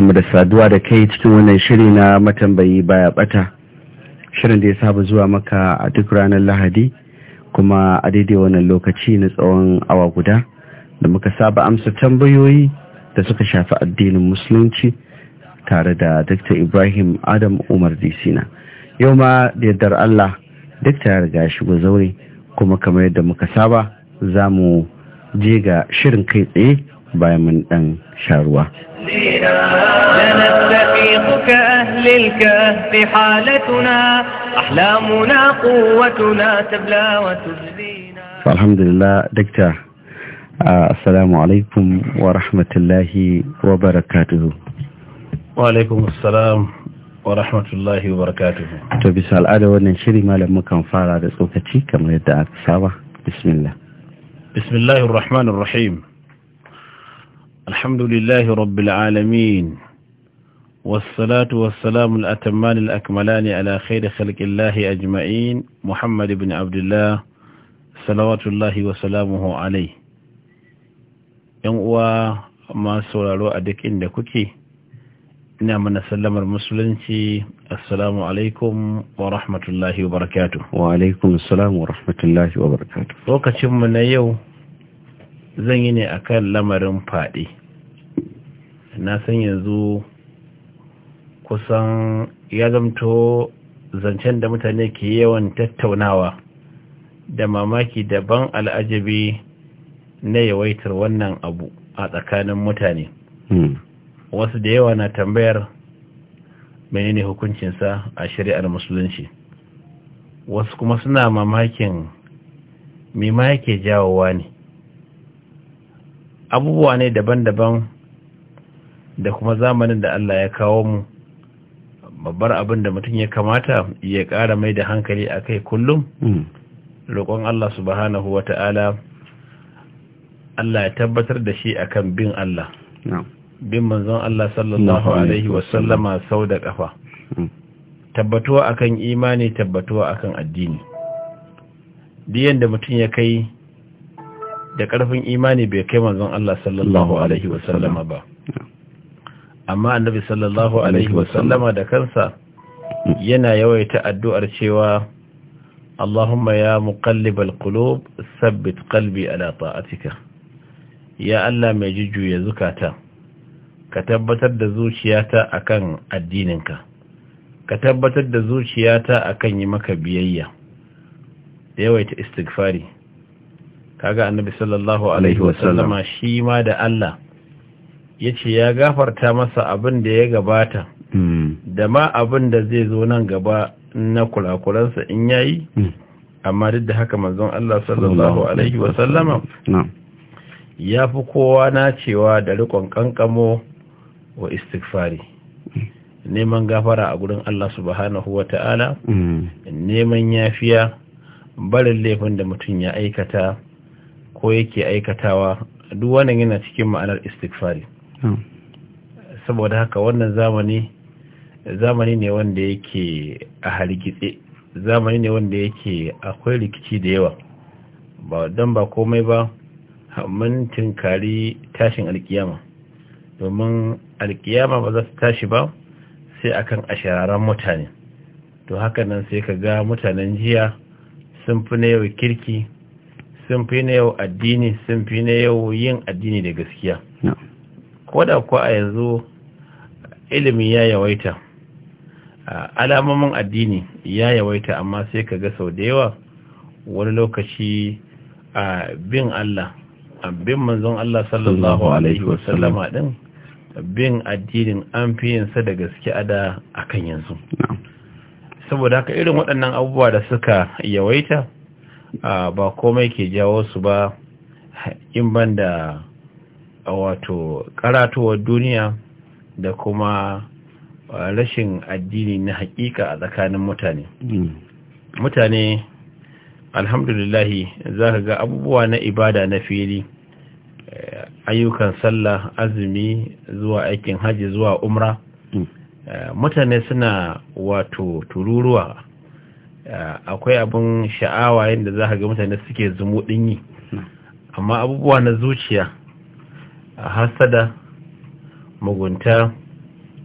mu da saduwa da kai cikin wannan shiri na matambayi baya bata shirin da ya saba zuwa maka a duk ranar lahadi kuma a daidai wannan lokaci na tsawon awa guda da muka saba amsa tambayoyi da suka shafi addinin musulunci tare da dr ibrahim adam umar disina yau ma da yardar allah duk ya riga shigo zaure kuma kamar yadda muka saba za mu je ga shirin kai tsaye bayan mun dan sharuwa كأهل الكهف حالتنا أحلامنا قوتنا تبلى وتجلينا فالحمد لله دكتور السلام عليكم ورحمة الله وبركاته وعليكم السلام ورحمة الله وبركاته to bisa al'ada wannan shiri malam mukan fara da tsokaci kamar yadda aka saba bismillah bismillahir rahmanir rahim الحمد لله رب العالمين والصلاة والسلام الأتمان الأكملان على خير خلق الله أجمعين محمد بن عبد الله صلوات الله وسلامه عليه ينقوى ما سوراروا أدك إن كوكي ina mana sallamar musulunci assalamu alaikum wa rahmatullahi wa barakatu wa alaikum assalam wa rahmatullahi wa barakatu lokacinmu na yau zan yi ne akan lamarin faɗi na san yanzu kusan ya zamto zancen da mutane ke yawan tattaunawa da mamaki daban al'ajabi na yawaitar wannan abu a tsakanin mutane hmm. wasu da yawa na tambayar menene hukuncinsa a shari'ar musulunci wasu kuma suna mamakin me ma yake jawowa ne abubuwa ne daban-daban da kuma zamanin da Allah ya kawo mu babbar abin da mutum ya kamata ya ƙara mai da hankali a kai kullum hmm. roƙon Allah subhanahu wa ta'ala Allah ya tabbatar da shi akan bin Allah bin manzon Allah sallallahu alaihi wasallama sau da ƙafa hmm. tabbatuwa akan imani tabbatuwa akan addini diyan da mutum ya kai da ƙarfin imani bai kai manzon Allah sallallahu alaihi wasallama ba amma annabi sallallahu alaihi wasallama da kansa mm. yana yawaita addu'ar cewa Allahumma ya muqallibal qulub thabbit qalbi ala ta'atika ya Allah mai jujjuya zukata ka tabbatar da zuciyata akan addininka ka tabbatar da zuciyata akan yi maka biyayya yawaita istighfari kaga annabi sallallahu alaihi wasallama shi ma da Allah yace ya gafarta masa abin da ya gabata hmm. da ma abin da zai zo nan gaba na kulakulansa in yayi hmm. amma duk da haka manzon Allah sallallahu alaihi ya fi kowa na cewa da rikon kankamo wa istighfari hmm. neman gafara a gurin Allah subhanahu wa ta'ala neman yafiya barin laifin da mutum ya aikata ko yake aikatawa duk wannan yana cikin ma'anar istighfari hmm. saboda haka wannan zamani zamani ne wanda yake a hargitse zamani ne wanda yake akwai rikici da yawa ba don ba komai ba mun tinkari tashin alkiyama domin alkiyama ba za su tashi ba sai akan ashararan mutane to haka nan sai ka ga mutanen jiya sun fi na yau kirki sun fi na yau addini sun fi na yau yin addini da gaskiya ko da kuwa a yanzu ilimi ya yawaita alamomin addini ya yawaita amma sai ka ga sau da yawa wani lokaci a bin Allah a bin manzon Allah sallallahu alaihi wasallama din bin addinin an fi yinsa da gaskiya da akan yanzu saboda haka irin waɗannan abubuwa da suka yawaita ba komai ke jawo su ba in ban da wato karatuwar duniya da kuma rashin addini na hakika a tsakanin mutane mm. mutane alhamdulillahi za ka ga abubuwa na ibada na fili eh, ayyukan sallah azumi zuwa aikin hajji zuwa umra mm. eh, mutane suna wato tururuwa Eh, akwai abin sha'awa yadda za ka ga mutane suke ɗin yi amma abubuwa na zuciya a hasada mugunta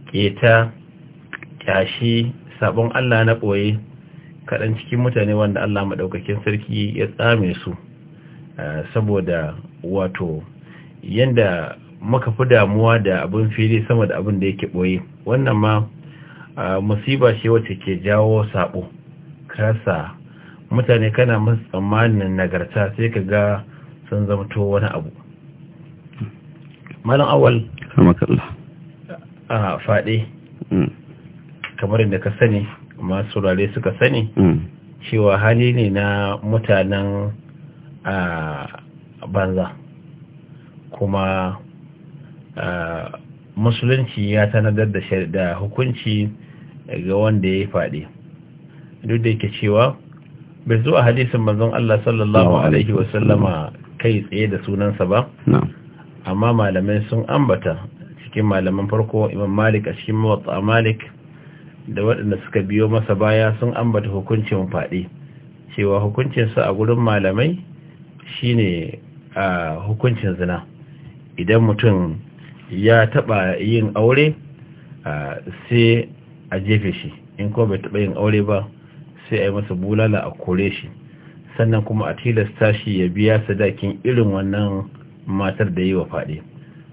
keta kyashi sabon allah na ɓoye kaɗan cikin mutane wanda allah maɗaukakin sarki ya tsame su eh, saboda wato yadda muka fi damuwa da abin fili sama da abin da yake ɓoye wannan ma eh, musiba ce wacce ke jawo saɓo kasa mutane kana masu tsammanin nagarta sai ka ga sun zamto wani abu malam awal a faɗe mm. kamar da ka sani masu rale suka sani mm. cewa hali ne na mutanen a banza kuma musulunci ya tanadar da hukunci ga wanda ya faɗi duk da yake cewa bai zo a hadisin manzon Allah sallallahu alaihi wasallama kai tsaye da sunansa ba amma malamai sun ambata cikin malaman farko imam malik a cikin mawatsa malik da waɗanda suka biyo masa baya sun ambata hukuncin faɗi cewa hukuncinsa a gurin malamai shine a hukuncin zina idan mutum ya taɓa yin aure sai a jefe shi in kuma bai taɓa yin aure ba sai a yi masa bulala a kore shi sannan kuma a tilasta shi ya biya sadakin irin wannan matar da yi wa faɗi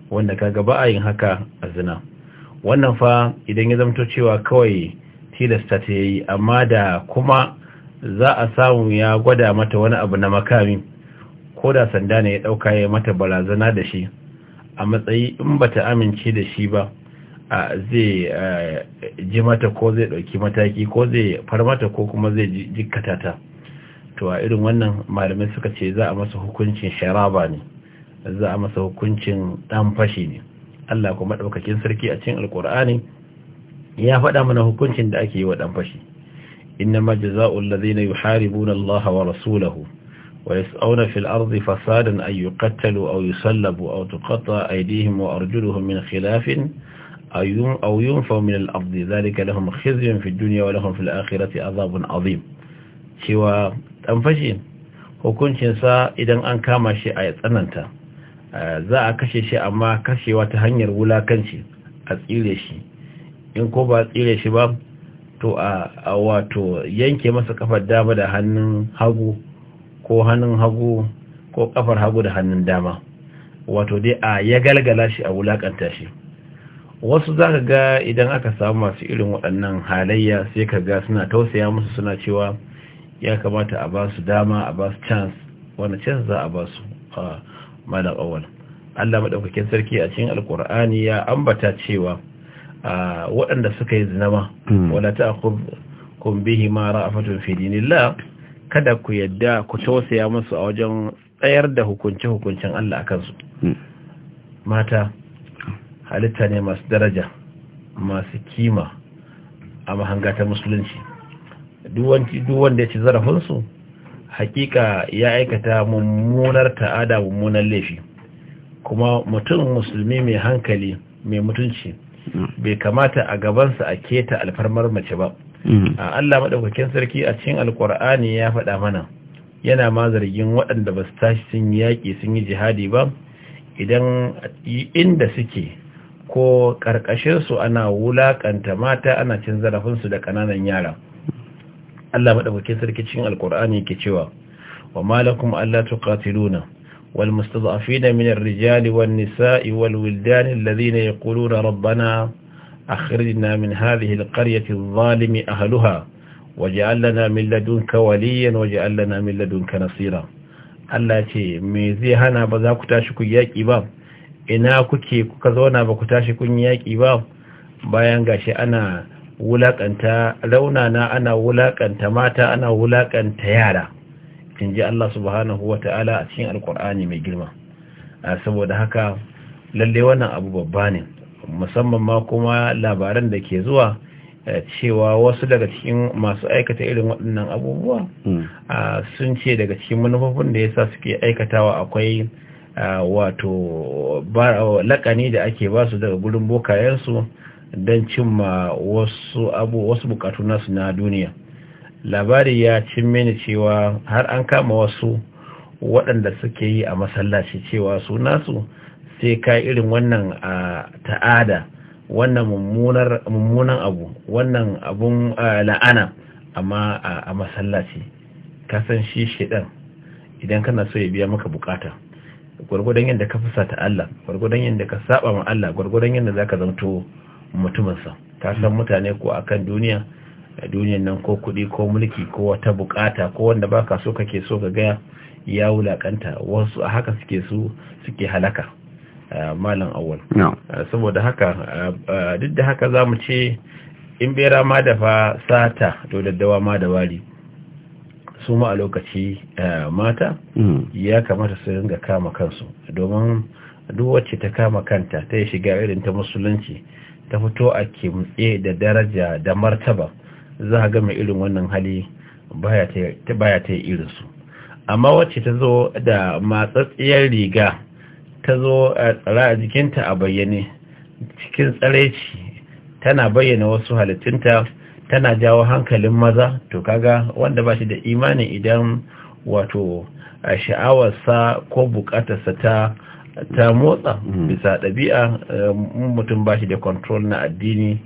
wanda ka gaba a yin haka a zina wannan fa idan ya zamto cewa kawai tilasta ta yi amma da kuma za a samu ya gwada mata wani abu na makami ko da sanda ne ya ɗauka ya mata barazana da shi a matsayi in bata amince da shi ba zai ji mata ko zai ɗauki mataki ko zai farmata ko kuma zai jikkata ta to a irin wannan malamai suka ce za a masa hukuncin sharaba ne za a masa hukuncin ɗan fashi ne Allah kuma ɗaukakin sarki a cikin alkur'ani ya faɗa mana hukuncin da ake yi wa ɗan fashi inna ma jaza'ul ladhina yuharibuna Allah wa rasulahu wa yas'una fil ardi fasadan ay yuqtalu aw yusallabu aw tuqata aydihim wa arjuluhum min khilafin أو ينفوا من الأرض ذلك لهم خزي في الدنيا ولهم في الآخرة عذاب عظيم cewa ɗan fashe sa idan an kama shi a tsananta za a kashe shi amma kashewa ta hanyar wulakanci a tsire shi in ko ba tsire shi ba to a wato yanke masa kafar dama da hannun hagu ko hannun hagu ko kafar hagu da hannun dama wato dai a ya galgala shi a wulakanta shi wasu za ka ga idan aka samu masu irin waɗannan halayya sai ka ga suna tausaya musu suna cewa ya kamata a ba su dama a ba su chance wani chance za a ba su a malam awal allah maɗaukakin sarki a cikin alkur'ani ya ambata cewa waɗanda suka yi zinama hmm. wadda ta kun bihi a ra'afatun fi kada ku yadda ku tausaya musu a wajen tsayar da hukunce hukuncen allah a kansu hmm. mata halitta ne masu daraja masu kima a mahangata musulunci duk wanda ya ci zarafinsu hakika ya aikata mummunar ta'ada mummunar laifi kuma mutum musulmi mai hankali mai mutunci bai kamata a gabansa a keta alfarmar mace ba mm-hmm. a Allah maɗaukakin sarki a cikin alkur'ani ya faɗa mana yana ma zargin waɗanda ba su tashi sun yaƙi sun yi jihadi ba idan inda suke ko ƙarƙashinsu ana wulaƙanta mata ana cin zarafinsu da ƙananan yara Allah maɗaukakin sarki cikin alkur'ani ke cewa wa malakum alla tuqatiluna wal mustad'afina min ar-rijali wan nisa'i wal wildani alladhina yaquluna rabbana akhrijna min hadhihi al-qaryati adh-dhalimi ahliha waj'al lana min ladunka waliyan waj'al lana min ladunka nasira Allah ce me zai hana ba za ku tashi ku yaki ba ina kuke kuka zauna ba ku tashi kun yi yaƙi ba bayan gashi ana wulakanta na ana wulaƙanta mata ana wulakanta yara in ji Allah subhanahu wa ta'ala a cikin alkur'ani mai girma saboda haka lalle wannan abu babba ne musamman ma kuma labaran da ke zuwa eh, cewa wasu daga cikin masu aikata irin waɗannan abubuwa hmm. sun ce daga cikin manufofin da yasa suke aikatawa akwai wato lakani da ake ba su daga gurin bokayensu don cimma wasu abu wasu bukatu nasu na duniya labari ya cin mini cewa har an kama wasu waɗanda suke yi a masallaci cewa su nasu sai ka irin wannan ta'ada wannan mummunan abu wannan abun la'ana amma a masallaci kasan shi shidan idan kana so ya biya maka bukata gwargwadon yadda ka fusata Allah gwargwadon yadda ka saba ma Allah gwargwadon yadda ka zanto mutuminsa ka san mutane ko akan duniya duniyan nan ko kudi ko mulki ko wata bukata ko wanda ba ka so kake so ka gaya ya wulakanta wasu a haka suke su suke halaka malam awwal saboda haka duk da haka zamu ce in bera ma da fa sata to daddawa ma da wari su ma a lokaci eh, mata hmm. ya kamata su ringa kama kansu domin duk wacce ta kama kanta ta yi shiga irin ta musulunci ta fito a kimtse da daraja da martaba za a gama irin wannan hali baya ta yi irinsu amma wacce ta zo da matsatsiyar riga ta zo eh, tsara a jikinta a bayyane cikin tsaraici tana bayyana wasu halittunta tana jawo hankalin maza to kaga wanda ba shi da imani idan wato a sha'awarsa ko bukatarsa ta ta motsa hmm. bisa ɗabi'a eh, mutum ba shi da control na addini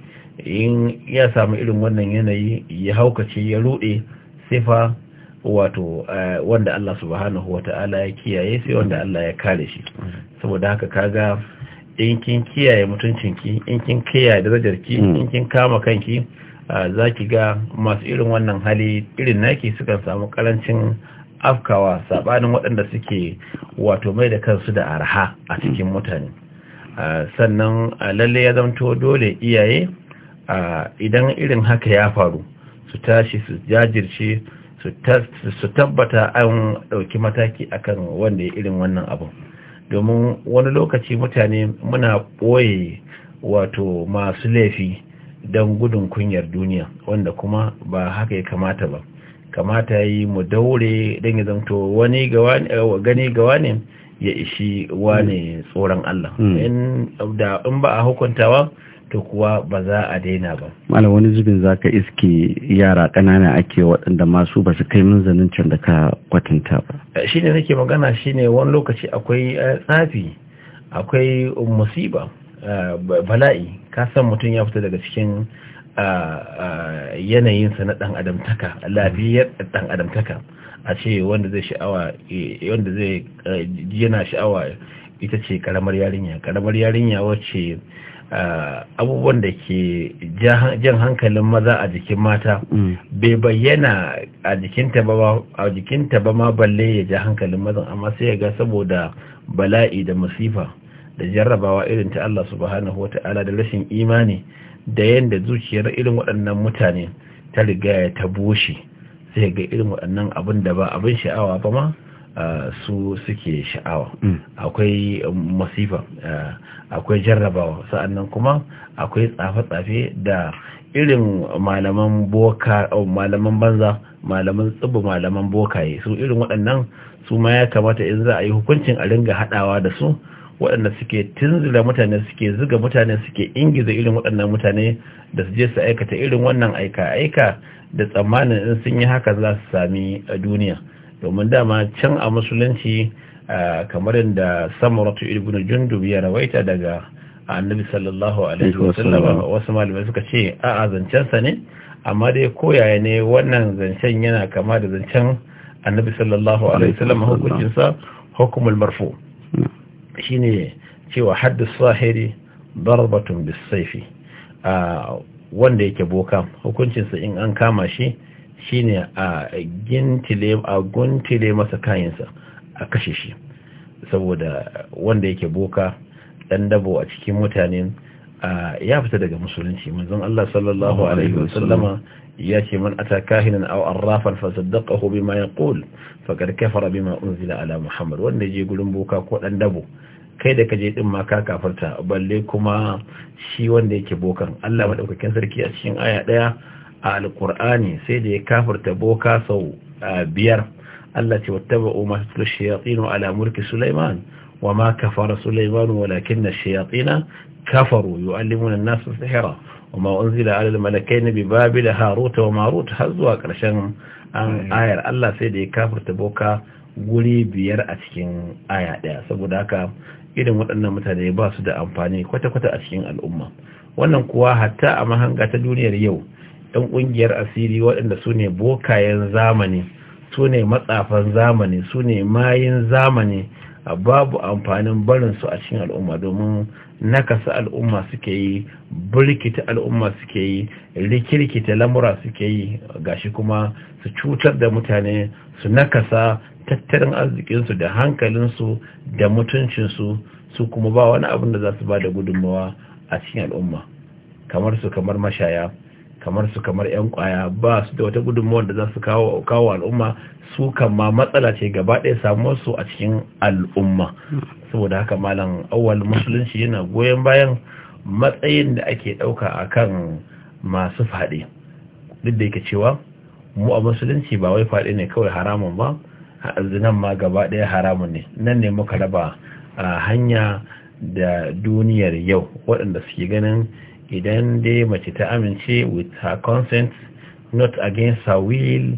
in ya samu irin wannan yanayi ya haukace ya ruɗe sifa wato eh, wanda Allah subhanahu wata'ala ya kiyaye sai wanda hmm. Allah ya kare shi hmm. saboda haka kaga in kin kiyaye mutuncinki in kin kiyaye darajarki in kin kama kanki za ki ga masu irin wannan hali irin naki sukan samu karancin afkawa saɓanin waɗanda suke wato mai da kansu da arha a cikin mutane sannan lalle ya zamto dole iyaye idan irin haka ya faru su tashi su jajirce su tabbata an ɗauki mataki akan wanda ya irin wannan abu domin wani lokaci mutane muna ɓoye wato masu laifi don gudun kunyar duniya wanda kuma ba haka ya kamata ba kamata yi mu daure don ya zanto wani eh, gani gawa ne ya ishi wane hmm. tsoron Allah hmm. in ba a hukuntawa to kuwa ba za a daina ba malam wani zubin za ka iske yara ƙanana ake waɗanda masu ba su kai munzanin can da ka kwatanta ba eh, shi ne nake magana shi ne wani lokaci akwai eh, tsafi akwai musiba bala'i ka san mutum ya fita daga cikin yanayinsa na ɗan adamtaka lafiyar ɗan adamtaka a ce wanda zai sha'awa e, wanda zai e, yana sha'awa ita ce karamar yarinya karamar yarinya wacce abubuwan da ke jan hankalin maza a jikin mata mm. bai bayyana a jikinta ba ma balle ya ja hankalin mazan amma sai ya ga saboda bala'i da masifa da jarrabawa irin ta Allah subhanahu ta'ala da rashin imani da yanda zuciyar irin waɗannan mutane ta rigaya ta bushe sai ga irin waɗannan abin da ba abin sha'awa ba ma su suke sha'awa mm. akwai masifa akwai jarrabawa sa'annan kuma akwai tsafe-tsafe da irin malaman boka malaman banza malaman tsibu malaman bokaye su irin waɗannan su ma ya kamata in za a yi hukuncin a ringa haɗawa da su waɗanda suke tunzula mutane suke zuga mutane suke ingiza irin waɗannan mutane da su je su aikata irin wannan aika-aika da tsammanin in sun yi haka za su sami a duniya domin dama can a musulunci kamar yadda samaratu ibn jundub ya rawaita daga annabi sallallahu alaihi wasallam wasu malamai suka ce a zancensa ne amma dai koyaye ne wannan zancen yana kama da zancen annabi sallallahu alaihi wasallam hukuncinsa hukumul marfu' shine cewa haddu sahiri darbatun bisaifi a wanda yake boka hukuncinsa in an kama shi shine a gintile a guntile masa kayansa a kashe shi saboda wanda yake boka dan dabo a cikin mutane ya fita daga musulunci manzon Allah sallallahu alaihi wasallama ya ce man ata kahinan aw arrafan fa saddaqahu bima yaqul faqad kafara bima unzila ala muhammad wanda je gurin boka ko dan dabo kai da kaje din ma ka kafarta balle kuma shi wanda yake bokan Allah madaukakin sarki a cikin aya daya a alqur'ani sai da ya kafarta boka sau biyar Allah ce wattaba'u ma tatlu shayatin ala mulki Sulaiman wama kafara Sulaiman walakinna shayatin kafaru yu'allimuna an-nasa sihra وما أنزل على الملكين ببابل هاروت وماروت هزوا كرشان an ayar Allah sai da ya kafarta boka guri biyar a cikin aya daya saboda haka irin waɗannan mutane ba su da amfani kwata-kwata a cikin al'umma wannan kuwa hatta a mahanga ta duniyar yau ɗan ƙungiyar asiri waɗanda su ne bokayen zamani su ne matsafan zamani su ne mayin zamani a babu amfanin barinsu a cikin al'umma domin nakasa al'umma suke yi birkita al'umma suke yi rikirkita lamura suke yi gashi kuma su cutar da mutane su nakasa tattalin arzikinsu da hankalinsu da mutuncinsu su kuma ba wani abin da za su ba da gudunmawa a cikin al'umma kamar su kamar mashaya kamar su kamar 'yan kwaya ba su da wata gudunmawar da za su kawo kawo al'umma su ma matsala ce gaba ɗaya samuwar su a cikin al'umma saboda haka malam awwal musulunci yana goyon bayan matsayin da ake ɗauka a kan masu faɗi duk da yake cewa mu a musulunci ba wai faɗi ne kawai haramun ba zinan ma gaba ɗaya haramun ne nan ne muka raba a hanya da duniyar yau waɗanda suke ganin idan dai mace ta amince with her consent not against her will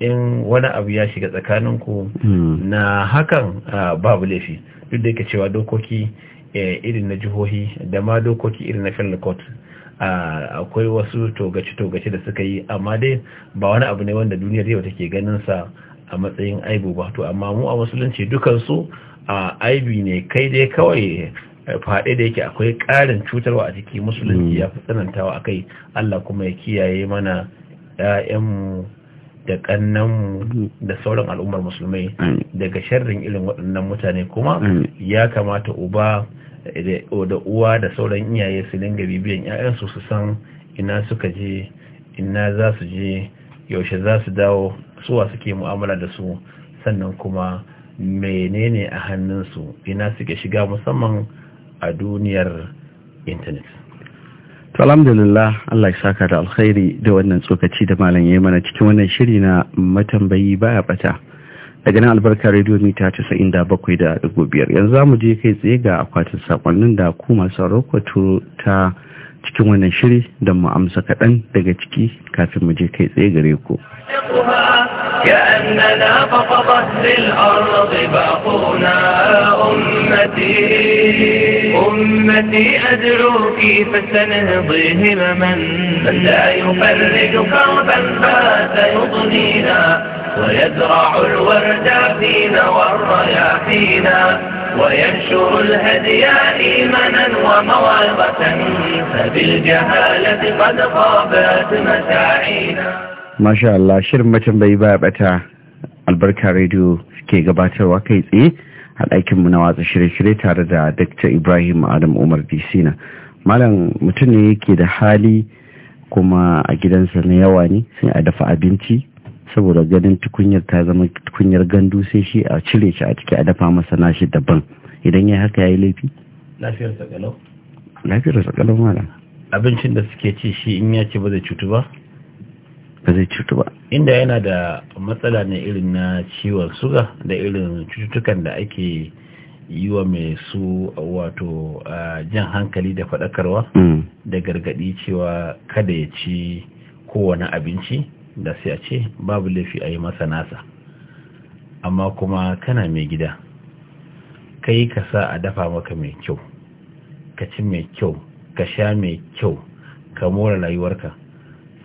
in wani abu ya shiga tsakaninku ku hmm. na hakan babu laifi duk da yake cewa dokoki e, irin na jihohi da ma dokoki irin na federal court akwai wasu togaci-togaci da suka yi amma dai ba wani abu ne wanda duniyar yau take ganin sa a matsayin aibu ba to amma mu a musulunci dukansu a aibi ne kai dai kawai eh, faɗe da yake akwai ƙarin cutarwa a ciki musulunci mm. ya fi tsanantawa a kai allah kuma ya kiyaye mana 'ya'yanmu da ƙannanmu mm. da sauran al'ummar musulmai daga sharrin irin waɗannan mutane kuma ya kamata uba eh, da uwa da sauran iyaye su dinga bibiyan 'ya'yansu su san ina suka je ina za su je yaushe za su dawo suwa suke mu'amala da su sannan kuma menene a hannunsu ina suke shiga musamman a duniyar intanet to alhamdulillah Allah ya saka da alkhairi da wannan tsokaci da malam yayi mana cikin wannan shiri na matambayi baya bata daga nan albarka radio mita 97.5 da biyar yanzu zamu je kai tsaye ga akwatin sakonnin da ku masu ta cikin wannan shiri don mu amsa kaɗan daga ciki kafin mu je kai tsaye gare ku. كأننا فقط باقونا أمتي أمتي فسنهضي همما من لا يفرج كربا بات يضنينا ويزرع الورد فينا والرياحينا وينشر الهدي إيمانا وموعظة فبالجهالة قد غابت مساعينا Masha Allah shirin matambayi bai bata albarka rediyo ke gabatarwa kai tsaye a mu na watsa shirye-shirye tare da Dr. Ibrahim Adam Umar Disina. Malam mutum ne yake da hali kuma a gidansa na yawa ne sai a dafa abinci saboda ganin tukunyar ta zama tukunyar gandu sai shi a cire shi a ciki a dafa masa nashi daban idan ya haka ya yi laifi lafiyar sakalau lafiyar sakalau malam abincin da suke ci shi in ya ci ba zai cutu ba ba zai cutu ba inda yana da matsala ne irin na ciwon suga da irin cututtukan da ake yi wa mai su wato jan hankali da faɗakarwa mm. da gargaɗi cewa kada ya ci kowane abinci da sai a ce babu laifi a yi masa nasa amma kuma kana mai gida kai ka sa a dafa maka mai kyau ka ci mai kyau ka sha mai kyau ka more rayuwarka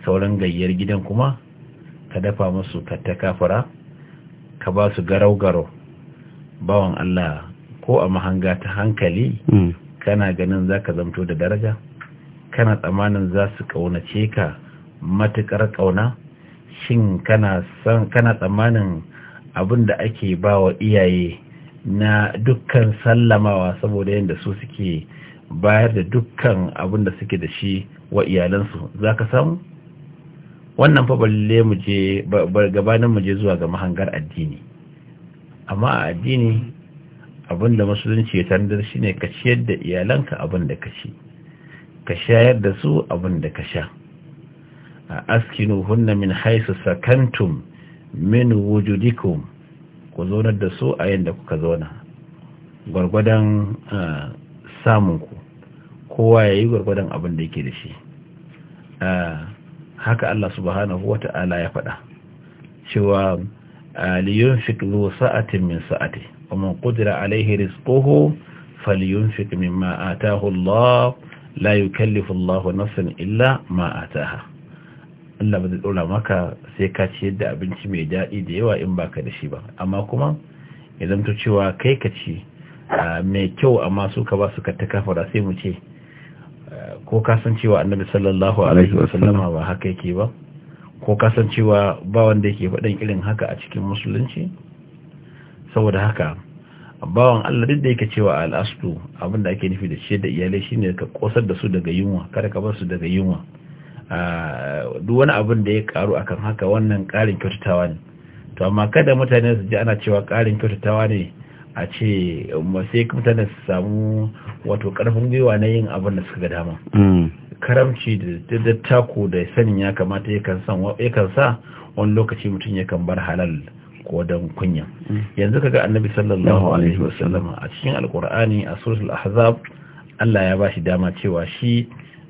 sauran gayyar gidan kuma ka dafa masu katta kafara ka ba su garau-garau bawan Allah ko a mahanga ta hankali hmm. kana ganin za ka zamto da daraja kana tsamanin za su ƙaunace ka matuƙar ƙauna shin kana tsammanin abin da ake ba wa iyaye na dukkan sallamawa saboda yadda su suke bayar da dukkan abin da suke da shi wa iyalansu za ka samu wannan fa balle mu je gabanin mu je zuwa ga mahangar addini amma a addini abin da musulunci ya tandar shine ka ciyar da iyalanka abin da ka ka shayar da su abin da ka sha askinuhunna min haisu sakantum min wujudikum ku zonar da su a yadda kuka zauna gwargwadon samunku kowa ya yi gwargwadon abin da yake da shi haka Allah subhanahu wa ta'ala ya faɗa cewa liyun fitlo sa'atin min sa'ati kuma man alaihi rizquhu falyunfik min ma'ata Allah la yi Allah nafsan illa ma'ata ha Allah ba zai dora maka sai ka ci yadda abinci mai daɗi da yawa in ba ka da shi ba amma kuma idan to cewa kai ka ci mai kyau amma su ka ba su ka ta sai mu ce ko ka san cewa annabi sallallahu alaihi wasallama ba haka yake ba ko ka san cewa ba wanda yake faɗan irin haka a cikin musulunci saboda haka bawan Allah duk da yake cewa abin abinda ake nufi da shi da iyalai shine ka kosar da su daga yunwa kada ka bar su daga yunwa duk wani abin da ya karu akan haka wannan karin kyautatawa ne to amma kada mutane su ji ana cewa karin kyautatawa ne a ce um, sai mutane su samu wato karfin gwiwa na yin abin da suka ga dama mm. karamci da dattako da sanin ya kamata ya kan sa wani lokaci mutum ya kan bar halal ko don kunya mm. yanzu kaga annabi sallallahu alaihi wasallam a cikin alkur'ani a suratul ahzab Allah ya ba shi dama cewa shi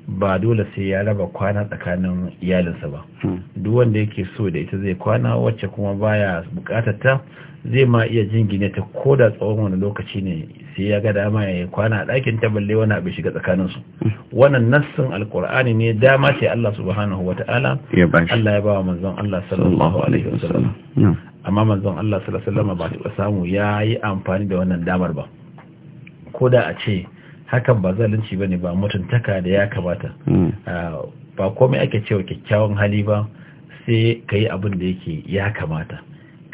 ba dole sai ya raba kwana tsakanin iyalinsa ba hmm. duk wanda yake so da ita zai kwana wacce kuma baya bukatar ta zai ma iya jingine ta ko da tsawon wani lokaci ne sai ya ga dama ya kwana a ɗakin ta balle wani abu shiga tsakanin su hmm. wannan nassin alkur'ani ne dama ce Allah subhanahu wata'ala Allah ya bawa manzon Allah sallallahu alaihi wasallam hmm. amma manzon Allah sallallahu alaihi wasallam ba ta samu ya yi amfani da wannan damar ba ko da a ce hakan ba zalunci bane ba mutuntaka da ya kamata hmm. ah, ba komai ake cewa kyakkyawan hali ba sai ka yi abin da yake ya kamata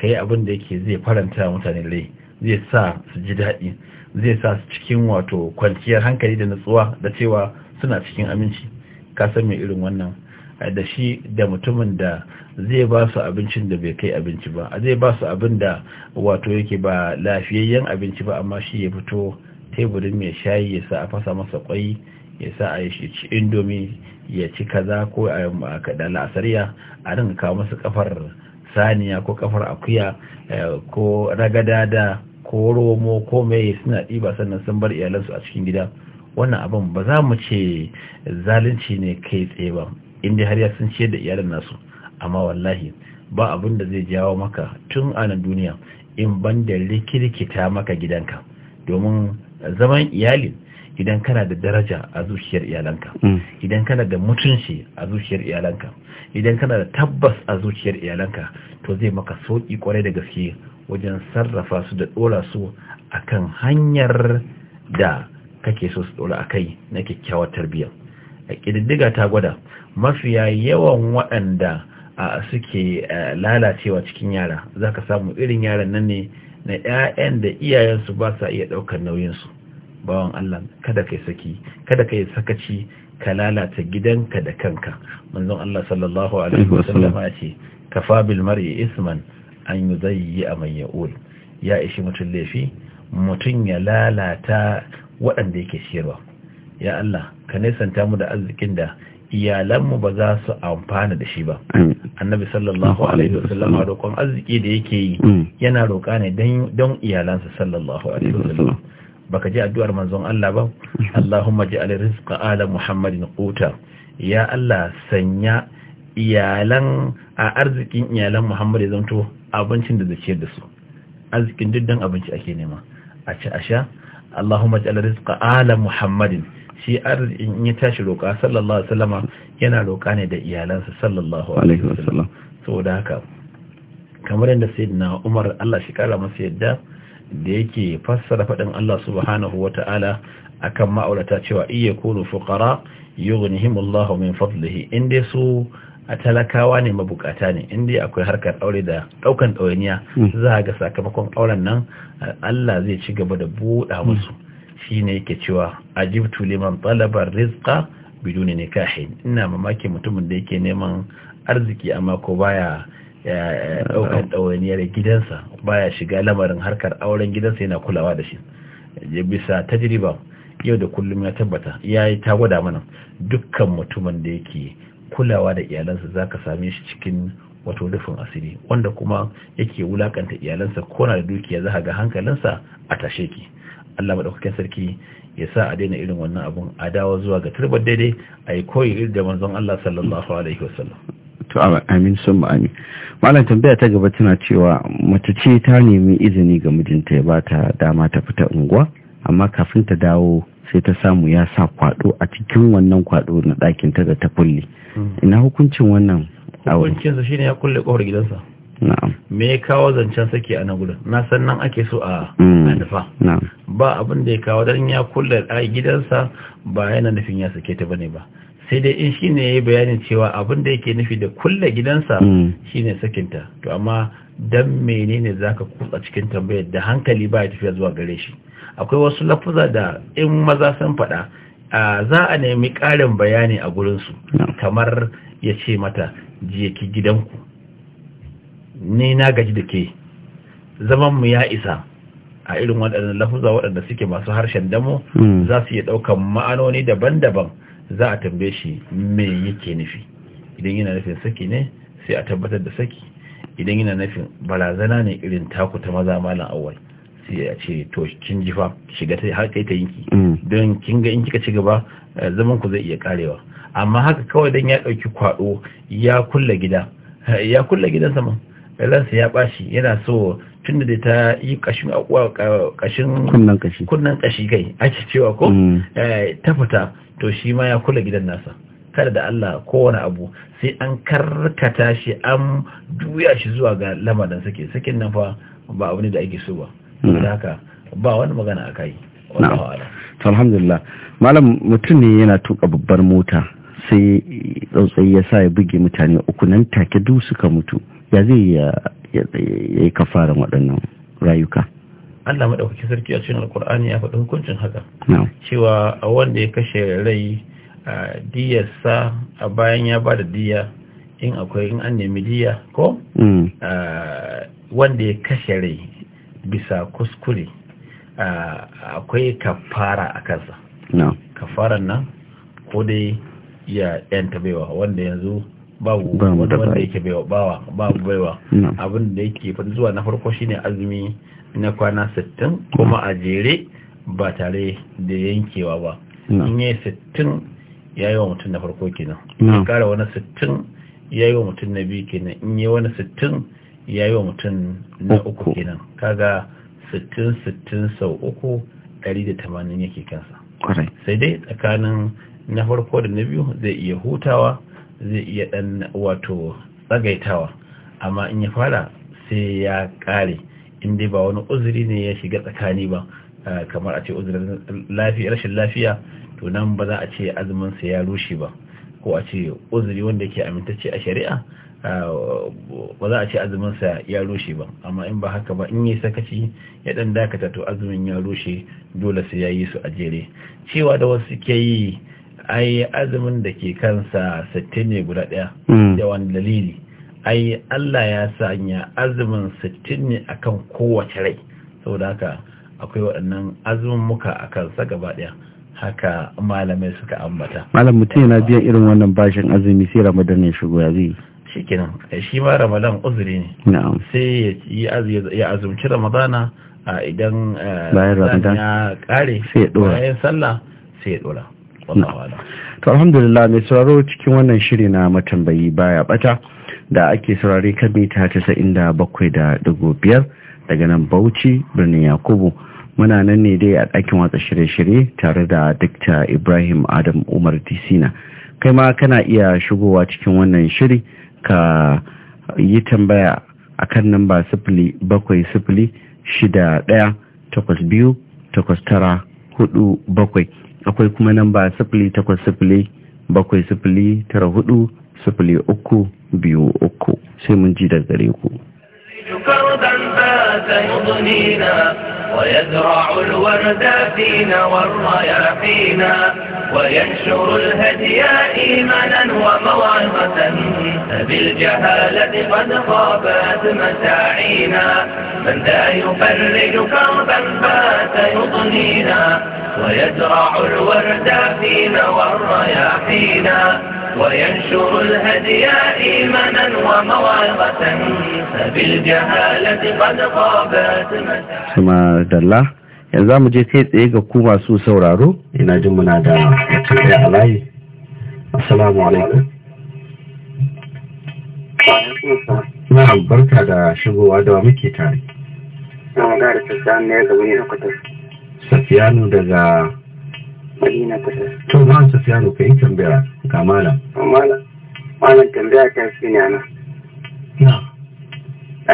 ka yi abin da yake zai faranta mutane lai zai sa su ji daɗi zai sa su cikin wato kwanciyar hankali da natsuwa da cewa suna cikin aminci ka san mai irin wannan ah, da shi da mutumin da zai ba su abincin da bai kai abinci ba zai ba su abin da wato yake ba lafiyayyen abinci ba amma shi ya fito teburin mai shayi ya sa a fasa masa kwai ya sa a ci indomi ya ci kaza ko a da la'asariya, a rin kawo masa kafar saniya ko kafar akuya eh, ko ragadada ko romo ko mai suna ɗiba sannan sun bar iyalansu a cikin gida wannan abin ba za mu ce zalunci ne kai tsaye ba inda har ya sun ciyar da iyalan nasu amma wallahi ba abin da zai jawo maka tun a nan duniya in ban da rikirkita maka gidanka domin zaman iyali idan kana da daraja a zuciyar iyalanka mm. idan kana da mutunci a zuciyar iyalanka idan kana da tabbas a zuciyar iyalanka to zai maka sauki kwarai da gaske wajen sarrafa su da dora su akan hanyar da kake so su dora kai na kyakkyawar tarbiyya a ƙididdiga ta gwada mafiya yawan waɗanda suke eh, lalacewa cikin yara zaka samu irin yaran nan ne na ƴaƴan da iyayensu ba sa iya ɗaukar nauyinsu bawan Allah kada kai saki kada kai sakaci ka lalata gidanka da kanka manzon Allah sallallahu alaihi wasallam ya ce kafa bil mar'i isman an yuzayyi man ya'ul ya ishi mutun laifi mutun ya lalata waɗanda yake shirwa ya Allah ka nesanta mu da arzikin da iyalanmu ba za su amfana da shi ba annabi sallallahu alaihi wasallam a roƙon arziki da yake yi mm. yana roƙa ne don iyalansa sallallahu alaihi wasallam baka ji addu'ar manzon Allah ba Allahumma ja'al rizqa ala Muhammadin quta ya Allah sanya iyalan a arzikin iyalan Muhammad ya zanto abincin da zai da su arzikin duddan abinci ake nema a ci a sha Allahumma ja'al rizqa ala Muhammadin shi in ya tashi roƙa sallallahu alaihi wasallam yana roƙa ne da iyalansa sallallahu alaihi wasallam saboda haka kamar yadda sayyidina Umar Allah shi kara masa yadda da yake fassara faɗin Allah subhanahu wata'ala akan ma'aurata cewa iya kunu fuqara yughnihimullahu min fadlihi dai su a talakawa ne mabukata ne in dai akwai harkar aure da daukan ɗawainiya hmm. za a ga sakamakon auren nan Allah zai ci gaba da buɗa hmm. musu shine yake cewa ajibtu liman talaba rizqa biduni nikahin ina mamakin mutumin da yake neman arziki amma ko baya daukar eh, eh, ɗawainiyar gidansa baya shiga lamarin harkar auren gidansa yana kulawa da shi bisa tajriba yau da kullum ya tabbata ya ta gwada mana dukkan mutumin da yake kulawa da iyalansa zaka same shi cikin wato rufin asiri wanda kuma yake wulakanta iyalansa kona da dukiya za ga hankalinsa a tashe ki Allah madaukakin sarki ya sa a daina irin wannan abun a dawo zuwa ga turbar daidai a yi koyi irin da manzon Allah sallallahu alaihi wasallam to amin sun malam tambaya ta gaba tana cewa mace ce ta nemi izini ga mijinta ya bata dama ta fita unguwa amma kafin ta dawo sai ta samu ya sa kwado a cikin wannan kwado na ɗakin ta da ta kulle hmm. ina hukuncin wannan hukuncin sa shine ya kulle kofar gidansa me ya kawo zancen saki a nan gudun na san nan ake so a nufa mm. ba abin da ya kawo don ya kulla a gidansa ba yana nufin ya sake ta bane ba sai dai in shine ya yi bayanin cewa abin da yake nufi da kulle gidansa mm. shine sakinta to amma dan menene zaka kutsa cikin tambayar da hankali ba ya tafiya zuwa gare shi akwai wasu lafuza da in maza sun faɗa za a nemi ƙarin bayani a gurinsu kamar ya ce mata je ki gidanku ni na gaji da ke zaman mu ya isa a irin waɗannan lafuza waɗanda suke masu harshen damo hmm. za su iya ɗaukan ma'anoni daban-daban za a tambaye shi me yake nufi idan yana nufin saki ne sai a tabbatar da saki idan yana nufin barazana ne irin taku ta maza malam awal sai a ce to kin jifa shiga ta har kai ta yinki hmm. don kin ga in kika ci gaba eh, zaman ku zai iya karewa amma haka kawai dan ya ɗauki kwaɗo ya kulle gida eh, ya kulla gidan sama. ransa ya bashi yana so tunda da ta yi kashin kunnan kashi kai ake cewa ko mm. eh, ta fita to shi ma ya kula gidan nasa kada da Allah kowane abu sai an karkata shi an juya shi zuwa ga lamarin suke sakin nan fa ba abu ne da ake so ba da mm. haka ba wani magana a kai alhamdulillah malam mutum ne yana tuka babbar mota sai tsautsayi ya sa ya buge mutane uku nan take duk suka mutu ya zai ya yi kafarin waɗannan rayuka Allah maɗaukaki sarki a cikin alkur'ani ya faɗi hukuncin haka cewa a wanda ya kashe rai a diyarsa a bayan ya ba da diya in akwai in an nemi diya ko mm. wanda ya kashe rai bisa kuskure akwai kafara a kansa kafaran nan ko dai ya yanta baiwa wanda yanzu babu wanda yake bawa babu baiwa abin da yake faɗi zuwa na farko shine azumi na kwana 60 kuma a jere ba tare da yankewa ba in yi 60 ya yi wa mutum na farko kenan in kara wani 60 ya yi wa mutum na biyu kenan in yi wani 60 ya yi wa mutum na uku kenan kaga 60 60 sau uku 180 yake kansa sai dai tsakanin na farko da na biyu zai iya hutawa zai iya dan wato tsagaitawa amma in ya fara sai ya kare in dai ba wani uzuri ne ya shiga tsakani ba kamar a ce uzurin rashin lafiya to nan ba za a ce azumin ya rushe ba ko a ce uzuri wanda ke amintacce a shari'a ba za a ce azuminsa ya rushe ba amma in ba haka ba in yi sakaci ya dan dakata to azumin ya rushe dole sai ya yi su a jere cewa da wasu ke yi ai azumin da ke kansa sittin ne guda ɗaya hmm. da wani dalili ai Allah ya sanya azumin sittin ne akan kowace rai saboda haka akwai waɗannan azumin muka a kansa gaba ɗaya haka malamai suka ambata malam mutum yana biyan irin wannan bashin azumi sai ramadan ya shigo ya zai shi kenan shi ma ramadan uzuri ne sai ya azumci ramadana idan eh, ya kare bayan sallah sai ya dora to alhamdulillah mai sauraro cikin wannan shiri na matambayi baya bata da ake saurari kan mita casa'in da bakwai da dago biyar daga nan bauchi birnin yakubu muna nan ne dai a dakin watsa shirye-shirye tare da dikta ibrahim adam umar disina kai ma kana iya shigowa cikin wannan shiri ka yi tambaya akan nan ba sifili bakwai sifili shida ɗaya takwas biyu takwas tara hudu bakwai akwai kuma ba sifili takwas sifili bakwai sifili tara hudu sifili uku biyu uku sai mun ji daga gare ku. ويزرع الورد فينا والرياحينا وينشر الهدي إيمانا وموعظة فبالجهالة قد خابت مساعينا من ذا يفرج كربا فات يضنينا ويزرع الورد فينا والرياحينا وينشر الهدي إيمانا وموعظة فبالجهالة قد خابت مسعى الله yanzu mu je kai tsaye ga ku masu sauraro ina jin muna da mutum a layi assalamu alaikum na albarka da shigowa da muke tare na magana da sassanu ne daga wani lokutan safiyanu daga to ma su fiya ka yi tambaya ga malam oh, malam tambaya ta shi ne ana na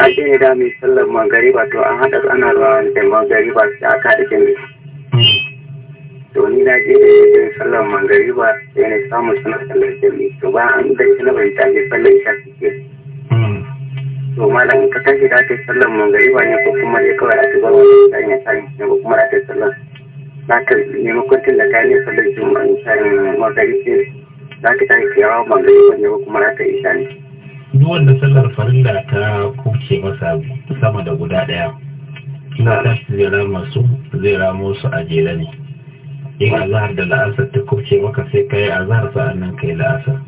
a ne da mai sallar ba to an haɗa ana ruwa da ba su aka haɗa jami'a hmm. to ni na je da yin sallar ba sai na samu suna sallar jami'a to ba an da shi na bai ta sallar sallar isha suke hmm. to malam ka tashi da ta sallar ba ne ko kuma ya kawai a ta bar wani tsarin ya ne ko kuma da ta sallar za ka nemi kwantin da kayan sallar juma'a magaribi za ka tashi yawa magaribi ba kuma za ka isha ne duk wanda sallar farilla ta kuce masa sama da guda ɗaya, ina tashi zai masu su zai ramo su a jere ne in azahar da la'asar ta kuce maka sai ka yi azahar sa'an nan ka yi la'asar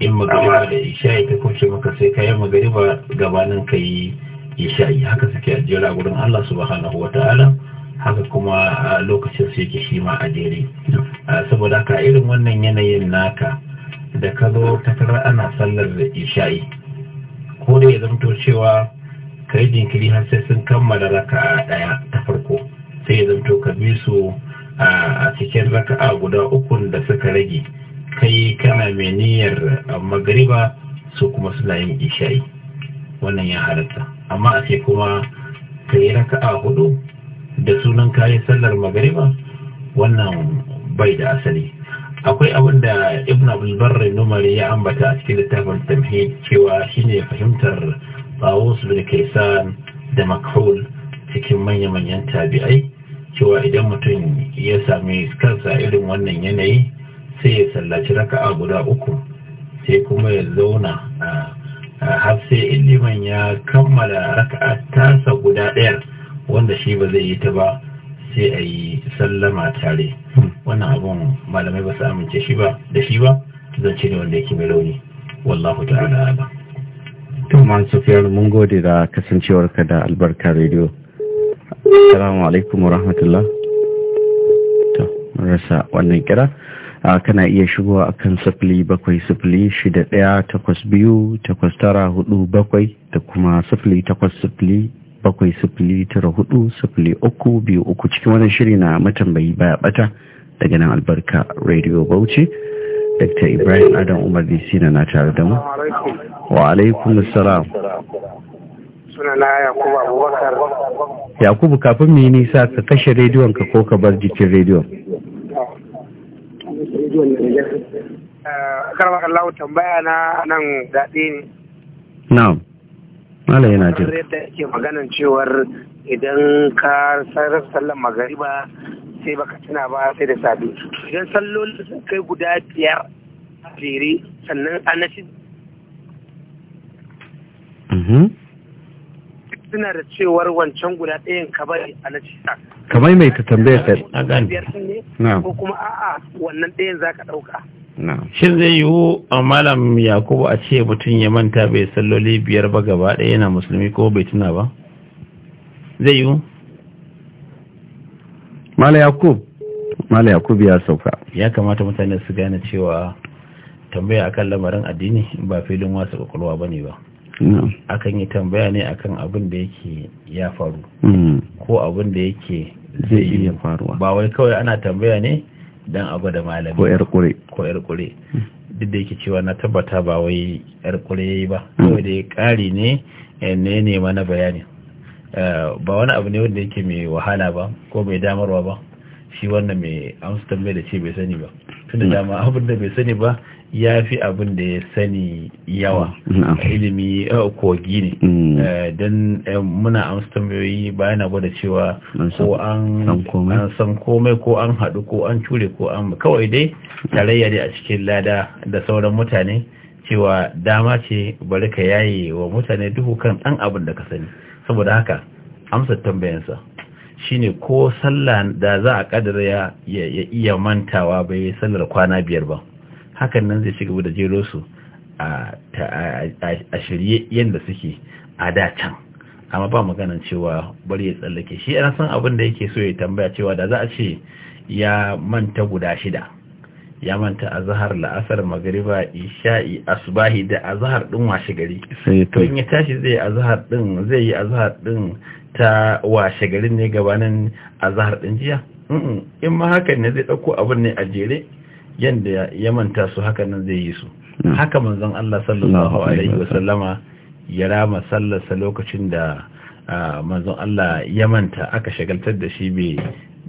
in magariba da isha'i ta kuce maka sai ka yi magariba gabanin ka yi isha'i haka suke a jera gurin allah subhanahu wa ta'ala haka kuma lokacin su yake shi a dare saboda haka irin wannan yanayin naka da ka zo takarar ana sallar isha'i ko da ya zamto cewa ka yi jinkiri har sai sun kammala raka ɗaya ta farko sai ya zamto ka bi su a cikin raka'a guda ukun da suka rage kai kana mai niyyar magariba su kuma suna yin isha'i wannan ya halatta amma a sai kuma ka yi raka'a hudu da sunan kayan sallar magariba wannan bai da asali akwai abin da ibn abulbarri numari ya ambata a cikin littafin tamhi cewa shine fahimtar da ke sa da makhul cikin manya-manyan tabi'ai cewa idan mutum ya sami kansa irin wannan yanayi sai ya sallaci raka'a guda uku sai kuma ya zauna har sai iliman ya kammala raka'a tasa guda ɗaya. wanda shi ba zai yi ta ba sai a yi sallama tare hmm. wannan abun malamai ba su amince shi ba da shi ba zance ne wanda yake mai rauni wallahu ta'ala ala to man sufiyar mun gode da kasancewarka da albarka Radio. assalamu alaikum wa rahmatullah to mun rasa wannan kira kana iya shigowa akan sifili bakwai sifili shida ɗaya takwas biyu takwas tara hudu bakwai da kuma sifili takwas sifili bakwai sifili tara hudu sifili uku biyu uku cikin wannan shiri na matambayi baya bata daga nan albarka radio bauchi dr ibrahim adam umar dc na na tare da mu wa alaikum salam sunana yakubu abubakar yakubu kafin mu yi nisa ka kashe rediyon ka ko ka bar jikin rediyon eh, Karamakallahu tambaya na nan daɗi ne na'am Mala yana jin. Yadda yake maganan cewar idan ka sarar sallan magariba sai baka tuna ba sai da safe. Idan sallolin sun kai guda biyar a jere sannan anashin. Mhm. Suna da cewar wancan guda ɗayan ka bari anashin. Kamar mai ta tambayar ka. Ko kuma a'a wannan ɗayan za ka ɗauka. shin zai yiwu a malam yakubu a ce mutum ya manta bai salloli biyar ba gaba ɗaya yana musulmi ko bai tuna ba zai yiwu malam Yakubu malam yakubu ya sauka ya kamata mutane su gane cewa tambaya akan lamarin addini ba filin wasu kwakwalwa ba ne ba akan yi tambaya ne akan abin da yake ya faru hmm. ko abin da yake zai iya faruwa ba wai kawai ana tambaya ne Dan a gwada malami ko yar kure ko yar kure duk da yake cewa na tabbata ba wai yar kure yayi ba hmm. kawai da kari eh, ne ne ne mana bayani eh, ba wani abu ne wanda yake mai wahala ba ko mai damarwa ba shi wannan mai amsa tambaye da ce bai sani ba tunda hmm. dama abin da bai sani ba ya fi abin da ya sani yawa ilimi eh, kogi ne mm. eh, don eh, muna amsa tambayoyi bayan abu gwada cewa ko an san komai ko an haɗu ko an cure ko an kawai dai tarayya ne a cikin lada da sauran mutane cewa dama ce bari ka yaye wa mutane duhu kan ɗan abin da ka sani saboda haka amsa tambayansa shine ko sallah da za a kadara ya iya mantawa bai sallar kwana biyar ba hakan nan zai ci gaba da jero su a shirye yadda suke a da can amma ba maganar cewa bari ya tsallake shi yana san abin da yake so ya tambaya cewa da za a ce ya manta guda shida ya manta azhar la'asar magariba isha'i asbahi da zahar din washe gari to in ya tashi zai azhar din zai yi azhar din ta washe garin ne gabanin azhar din jiya in ma hakan ne zai dauko abin ne a jere yadda ya manta su haka nan zai yi su hmm. haka manzon Allah sallallahu alaihi wasallama ya rama sallarsa lokacin da manzon Allah ya manta aka shagaltar da shi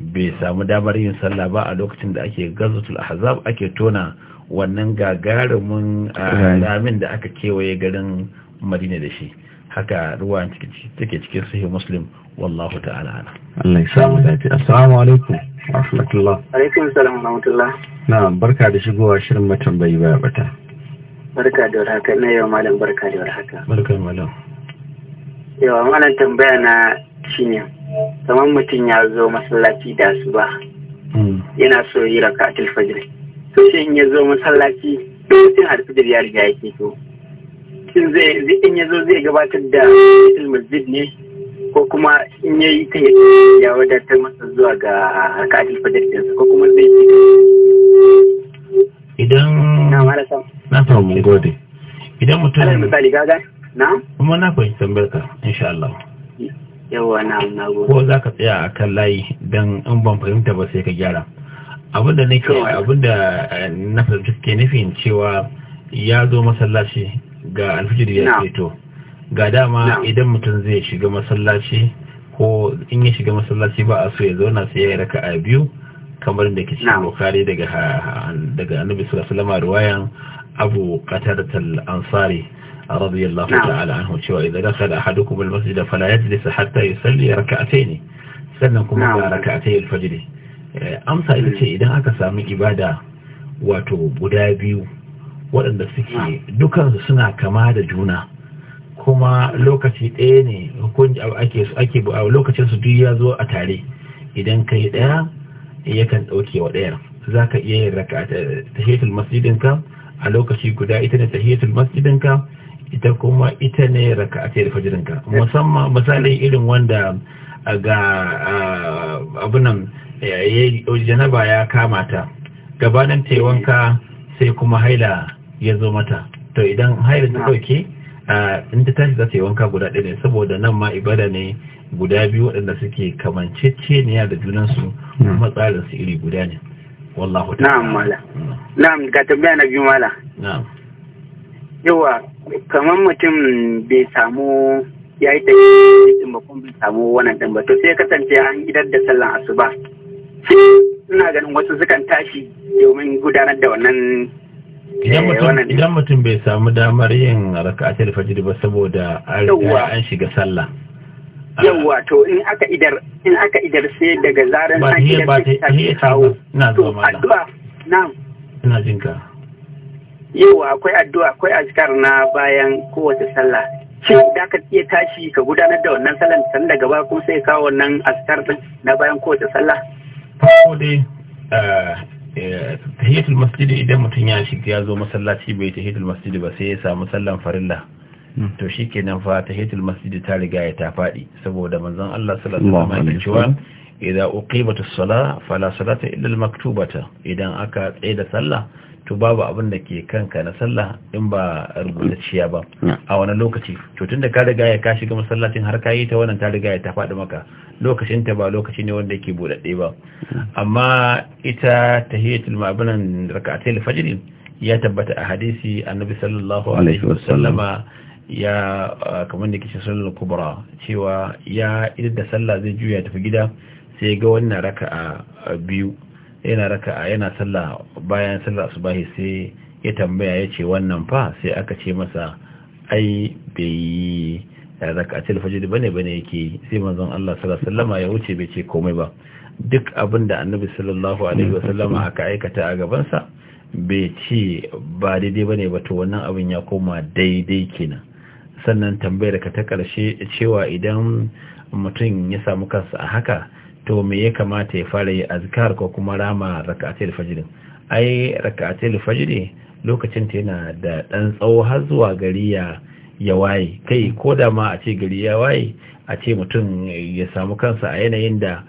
bai samu damar yin sallah ba a lokacin da ake gazatul ahzab ake tona wannan gagarumin ramin da aka kewaye garin madina da shi haka ruwa take cikin sahih muslim wallahu ta'ala Allah ya samu dace assalamu alaikum wa rahmatullah alaikum assalam wa rahmatullah na barka da shigowa shirin matambayi baya bata barka da warhaka na yau malam barka da warhaka barka malam yawa malam tambaya na shine kamar mutum ya zo masallaci da su ba hmm. yana so yi raka fajr to shi in ya zo masallaci eh, sun alfajir ya riga yake to shin zai in ya zo zai gabatar da ilmul ne ko kuma in ya yi ta ya wadatar masa zuwa ga katil fajar ko kuma zai ci idan na samu mun gode idan mutum alal misali gaga na kuma na fahimci tambayar ka insha Allah yawa na na gode ko zaka tsaya akan layi dan in ban fahimta ba sai ka gyara abinda nake abinda eh, na fahimci ke nufin cewa ya zo masallaci ga alfijir ya fito ga dama idan mutum zai shiga masallaci ko in ya shiga masallaci ba a so ya zauna sai ya raka a biyu kamar da ke cikin bukari daga daga annabi sallallahu riwayan abu qatar al-ansari radiyallahu ta'ala anhu cewa idan dakhala ahadukum al-masjid fala yajlis hatta yusalli rak'atayn sannan kuma ga rak'atayn al-fajr eh, amsa ita ce hmm. idan aka samu ibada wato guda biyu waɗanda suke dukansu suna kama da juna kuma lokaci ɗaya ne ake ake lokacin su duk ya zo a tare idan ka yi ɗaya yakan ɗauke wa ɗayar za ka iya yin raka tahiyatul masjidinka a lokaci guda ita ne tahiyatul masjidinka ita kuma ita ne raka a tsaye fajirinka musamman misalin irin wanda ga abunan janaba ya kamata gabanin taiwanka sai kuma haila ya zo mata to idan haila ta ɗauke in ta tashi za ta yi wanka guda ɗaya ne saboda nan ma ibada ne guda biyu waɗanda suke kamanceceniya da junansu kuma hmm. su iri guda ne wallahu ta'ala na'am mala na'am ga tambaya na biyu mala na'am yawa kamar mutum bai samu ya yi tafiya ba kuma bai samu wannan ɗin ba to sai kasance an gidar da sallan asuba ina ganin wasu sukan tashi domin gudanar da wannan Eh, idan mutum bai samu damar yin raka'atul fajr ba saboda an shiga sallah ah. yawwa to in aka idar in aka idar sai daga zaran an idar sai ta kawo ina zama mallam addu'a na'am ina jin ka yawwa akwai addu'a akwai azkar na bayan kowace sallah shin da ka iya tashi ka gudanar da wannan sallan san daga ba ko sai kawo wannan azkar na bayan kowace sallah ko dai eh, Eh, tahiyatul masjidi idan mutum ya shiga ya zo masallaci bai tahiyatul masjid ba sai ya samu sallan farilla hmm. to shikenan fa tahiyatul masjid ta riga ya ta faɗi saboda manzon Allah sallallahu alaihi wasallam ida uqimat as-salah fala salata illa al-maktubata idan aka tsaye da sallah to babu abin da ke kanka na sallah in ba rubutacciya ba a wani lokaci to tunda ka riga ya ka shiga masallacin har ka yi ta wannan ta riga ya ta maka lokacin ta ba lokaci ne wanda yake buɗaɗɗe ba amma ita tahiyatul ma'bunan rak'atul fajr ya tabbata a hadisi annabi sallallahu alaihi wasallama ya kamar da kishin sunan kubra cewa ya idan da sallah zai juya tafi gida sai ga wannan raka'a biyu yana raka'a yana sallah bayan sallah subahi sai ya tambaya ya ce wannan fa sai aka ce masa ai bai yi raka'atul fajr bane bane yake sai manzon Allah sallallahu alaihi wasallam ya wuce bai ce komai ba duk abin da annabi sallallahu alaihi wasallam aka aikata a gabansa bai ce ba daidai bane ba to wannan abin ya koma daidai kenan sannan tambayar ka ta karshe cewa idan mutum ya samu kansa a haka to me ya kamata ya fara yi azkar ko kuma rama raka'atul fajr ai raka'atul fajr lokacin ta yana da dan tsawo har zuwa gari ya ya waye kai ko da ma a ce gari ya waye a ce mutum ya samu kansa a yanayin da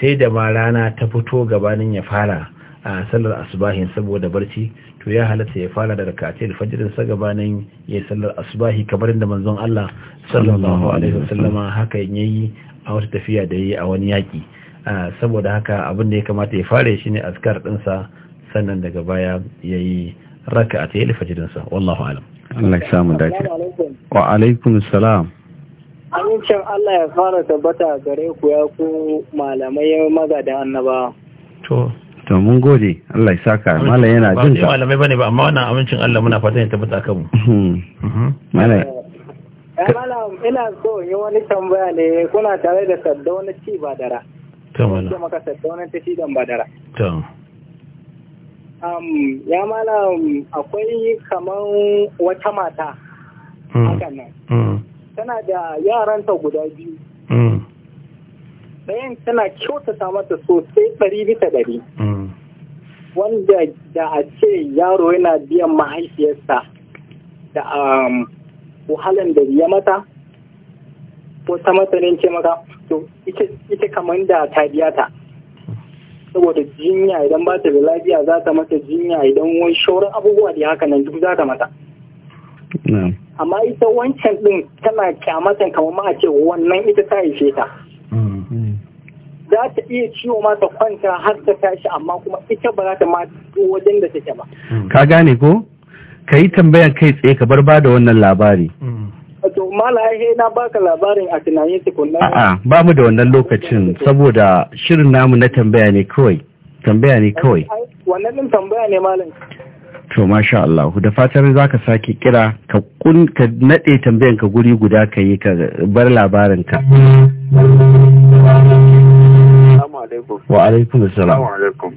sai da ma rana ta fito gabanin ya fara a sallar asubahin saboda barci to ya halatta ya fara da rakatai fajr fajirin sa gabanin ya sallar asubahi kamar da manzon Allah sallallahu alaihi wasallama haka yayi a wata tafiya da yi a wani yaƙi saboda haka abin da ya kamata ya fara shi ne askar ɗinsa sannan daga baya ya yi raka a ta yi lifajirinsa wallahu alam Allah ya samu dace wa alaikum salam amincin Allah ya fara tabbata gare ku ya ku malamai da annaba to to mun gode Allah ya saka malam yana jin ka malamai bane ba amma wannan amincin Allah muna fatan ya tabbata kanmu hmm. mhm. malam eh, Eh, malam ina so yi wani tambaya ne kuna tare da saddauna ci badara. Tamala. Kuma maka saddauna ta ci dan badara. Tam. ya malam akwai kaman wata mata. Hmm. Hakan nan. Hmm. Tana da yaranta guda biyu. Hmm. Ɗayan tana kyautata mata sosai ɗari bisa ɗari. Wanda da a ce yaro yana biyan mahaifiyarsa da um, wahalan da ya mata ko ta mata ne ce maka to ita kamar da ta biya ta saboda jinya idan ba ta da lafiya za ta mata jinya idan wani shauran abubuwa da haka nan duk za ta mata amma ita wancan din tana kyamatan kamar ma a ce wannan ita ta yi ta mm-hmm. za ta iya ciwo ma ta kwanta har ta tashi amma kuma ita ba za ta ma wajen da take ba ka gane ko ka yi tambayan kai tsaye ka bar bada wannan labari wato malaye na baka labarin a tunanin sekundari. a'a ba mu da wannan lokacin saboda shirin namu na tambaya ne kawai tambaya ne kawai wannan din tambaya ne malam to masha Allah da fatar ka sake kira ka kun ka nade tambayan ka guri guda ka yi ka bar labarin ka wa alaikum assalam wa alaikum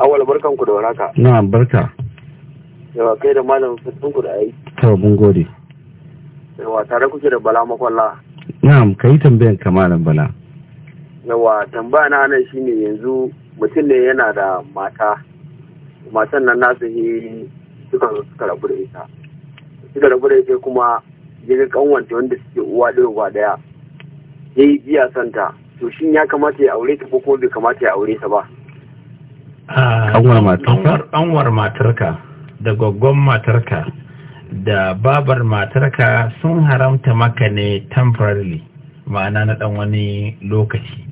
awal barkan ku da waraka na'am barka yawa kai da malam fitin ku da aiki to mun gode yawa tare kuke da bala makwalla na'am kai tambayan ka malam bala yawa tambaya na nan shine yanzu mutum ne yana da mata matan nan nasu yi suka suka rabu da ita suka rabu da ita kuma ya ga kanwanta wanda suke uwa ɗaya uwa ɗaya ya yi biya santa to shin ya kamata ya aure ta ko kuma bai kamata ya aure ta ba. Kanwar ah, Kanwar matarka. da gwaggon matarka da babar matarka sun haramta maka ne temporarily ma'ana na dan wani lokaci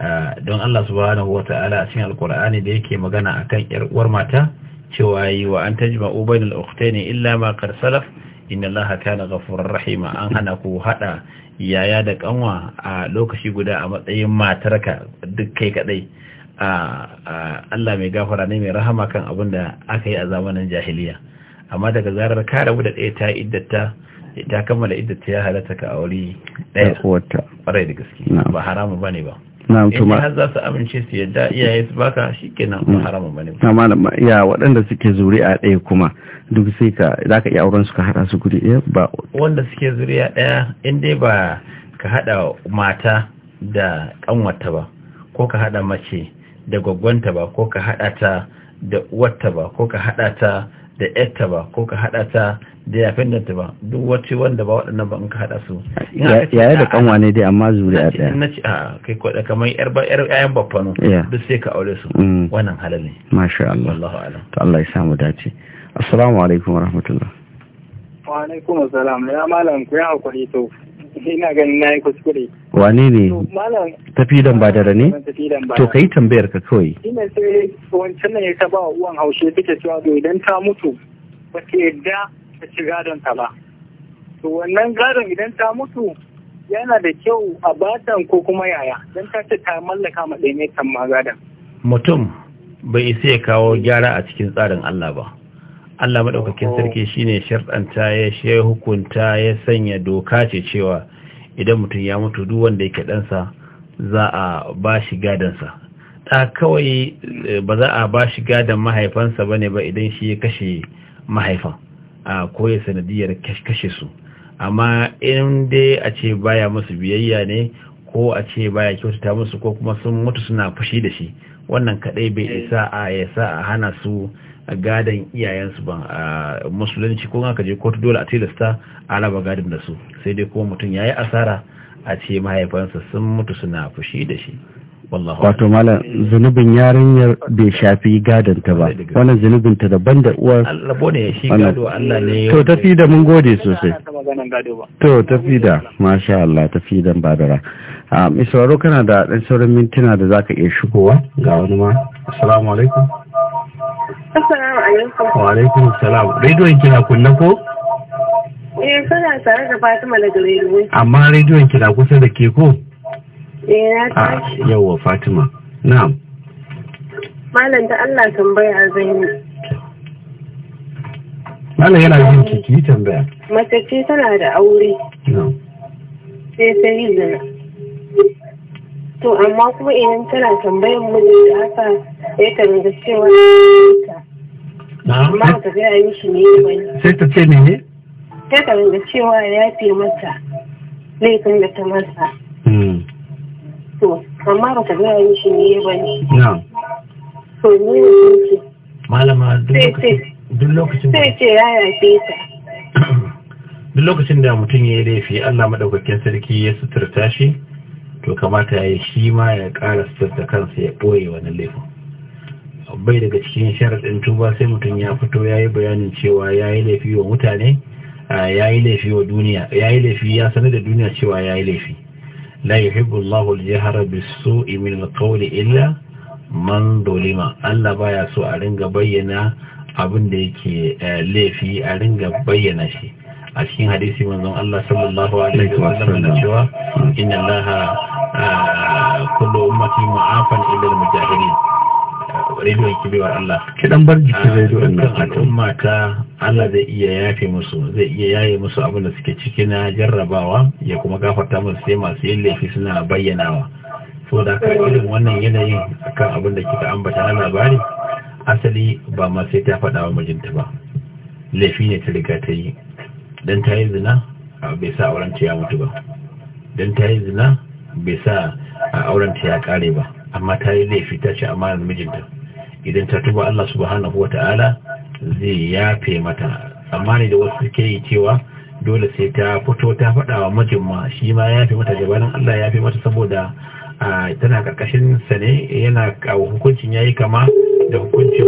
ah, don Allah subhanahu wa ta'ala a cikin alkur'ani da yake magana kan yar uwar mata cewa yi wa an tajma'u al'ukta ne illa ma karsalaf salaf laha ta na ghafurur rahima an hana ku haɗa yaya da kanwa a lokaci guda a matsayin matarka duk kai kadai Allah mai gafara ne mai rahama kan abin da aka yi a zamanin jahiliya amma daga zarar ka rabu da ɗaya ta iddata ta kammala iddata ya halatta ka aure ɗaya ƙwarai da gaske ba haramu ba ne ba in har za su amince su yadda iyaye su baka shi kenan ba haramun bane ba malam ya waɗanda suke zuri'a ɗaya kuma duk sai ka za ka iya auren su ka haɗa su guri ɗaya ba wanda suke zuri'a ɗaya in dai ba ka haɗa mata da ƙanwata ba ko ka haɗa mace da gwaggwanta ba ko ka haɗa ta da uwarta ba ko ka haɗa ta da yarta ba ko ka haɗa ta da yafin da ta ba duk wacce wanda ba waɗannan ba in ka haɗa su yaya da kanwa ne dai amma zuriya ɗaya na ce a kai kwaɗa kamar yar ba yar yayan baffano duk sai ka aure su mm. wannan halal ne masha Allah Allahu alam to Allah ya mu dace assalamu alaikum warahmatullah wa alaikum assalam ya malam ku ya hakuri to ina ganin na yi kuskure wane ne tafidan ba dare ne to ka yi tambayar ka kawai ina sai wancan ya ta ba uwan haushe take cewa to idan ta mutu ba ta yadda ta ci gadon ta ba to wannan gadon idan ta mutu yana da kyau a batan ko kuma yaya don ta ce ta mallaka ma ɗaya ne kan ma gadon mutum bai isa ya kawo gyara a cikin tsarin Allah ba Allah maɗaukakin sarki shine sharɗanta ya shi hukunta ya sanya doka ce cewa idan mutum ya mutu duk wanda yake ɗansa za a ba shi gadansa ɗa kawai eh, ba za a ba shi gadan mahaifansa ba ne ba idan shi ya kashe mahaifan a koya sanadiyar kashe su amma in dai a ce baya musu biyayya ne ko a ce baya kyautata musu ko kuma sun mutu suna fushi da shi wannan kaɗai bai eh. isa a ya sa a hana su gadon iyayensu ban a musulunci ko aka je kotu dole a tilasta a raba gadon da su sai dai kuma mutum ya yi asara a ce mahaifansa sun mutu suna fushi da shi wato malam zunubin yarinyar bai shafi gadon ta ba wannan zunubin ta daban da uwar Allah to tafi da mun gode sosai to tafi da masha Allah tafi da badara a misraro kana da dan sauran mintuna da zaka iya shigowa ga wani ma assalamu alaikum Assalamu alaikum. Wa alaikum salam. Rediyon kina kunna ko? Eh kana tare da Fatima daga rediyon. Amma rediyon kina kusa da ke ko? Eh na ah, tashi. Yawwa Fatima. Na'am. Malam da Allah tambaya zai Malam yana jin kiki tambaya. Mace ce tana da aure. Sai ta yi zana. To amma kuma idan tana tambayan mu da haka ya eh, da cewa amma ta gaya mishi ne wani sai ta ce mene ta kan da cewa ya fi mata laifin da ta masa hmm. to amma ba ta gaya mishi ne wani to ne ne malama duk lokacin sai ce ya yafe ta duk lokacin da mutum ya yi laifi Allah maɗaukakin sarki ya suturta shi to kamata ya yi shi ma ya ƙara suturta kansa ya ɓoye wani laifin bai daga cikin sharaɗin tuba sai mutum ya fito ya yi bayanin cewa ya yi laifi wa mutane ya yi laifi wa duniya ya yi laifi ya sanar da duniya cewa ya yi laifi la yuhibbu Allahu al-jahra bis-su'i min al-qawli illa man dolima Allah baya so a ringa bayyana abin da yake eh, laifi a ringa bayyana shi a cikin hadisi manzon Allah sallallahu alaihi wa sallam cewa inna Allah kullu ummati mu'afan illa al-mujahidin rediyon ki baiwa Allah ki dan bar jiki ah, rediyon nan al'umma mata Allah zai iya yafe musu zai iya yaye musu abin da suke ciki na jarrabawa ya kuma gafarta musu sai masu yin laifi suna bayyanawa so da ka irin wannan yanayin akan abin da kika ambata na labari asali ba ma sai ta faɗa wa mijinta ba laifi ne ta riga ta yi dan ta yi zina bai sa auren ta ya mutu ba dan ta yi zina bai sa auren ta ya kare ba amma ta yi laifi ta ce amma mijinta idan ta tuba Allah subhanahu wa ta'ala zai yafe mata amma ne da wasu suke yi cewa dole sai ta fito ta faɗa wa shi ma ya fi mata gabanin Allah ya fi mata saboda tana karkashin sa ne yana kawo hukuncin yayi kama da hukuncin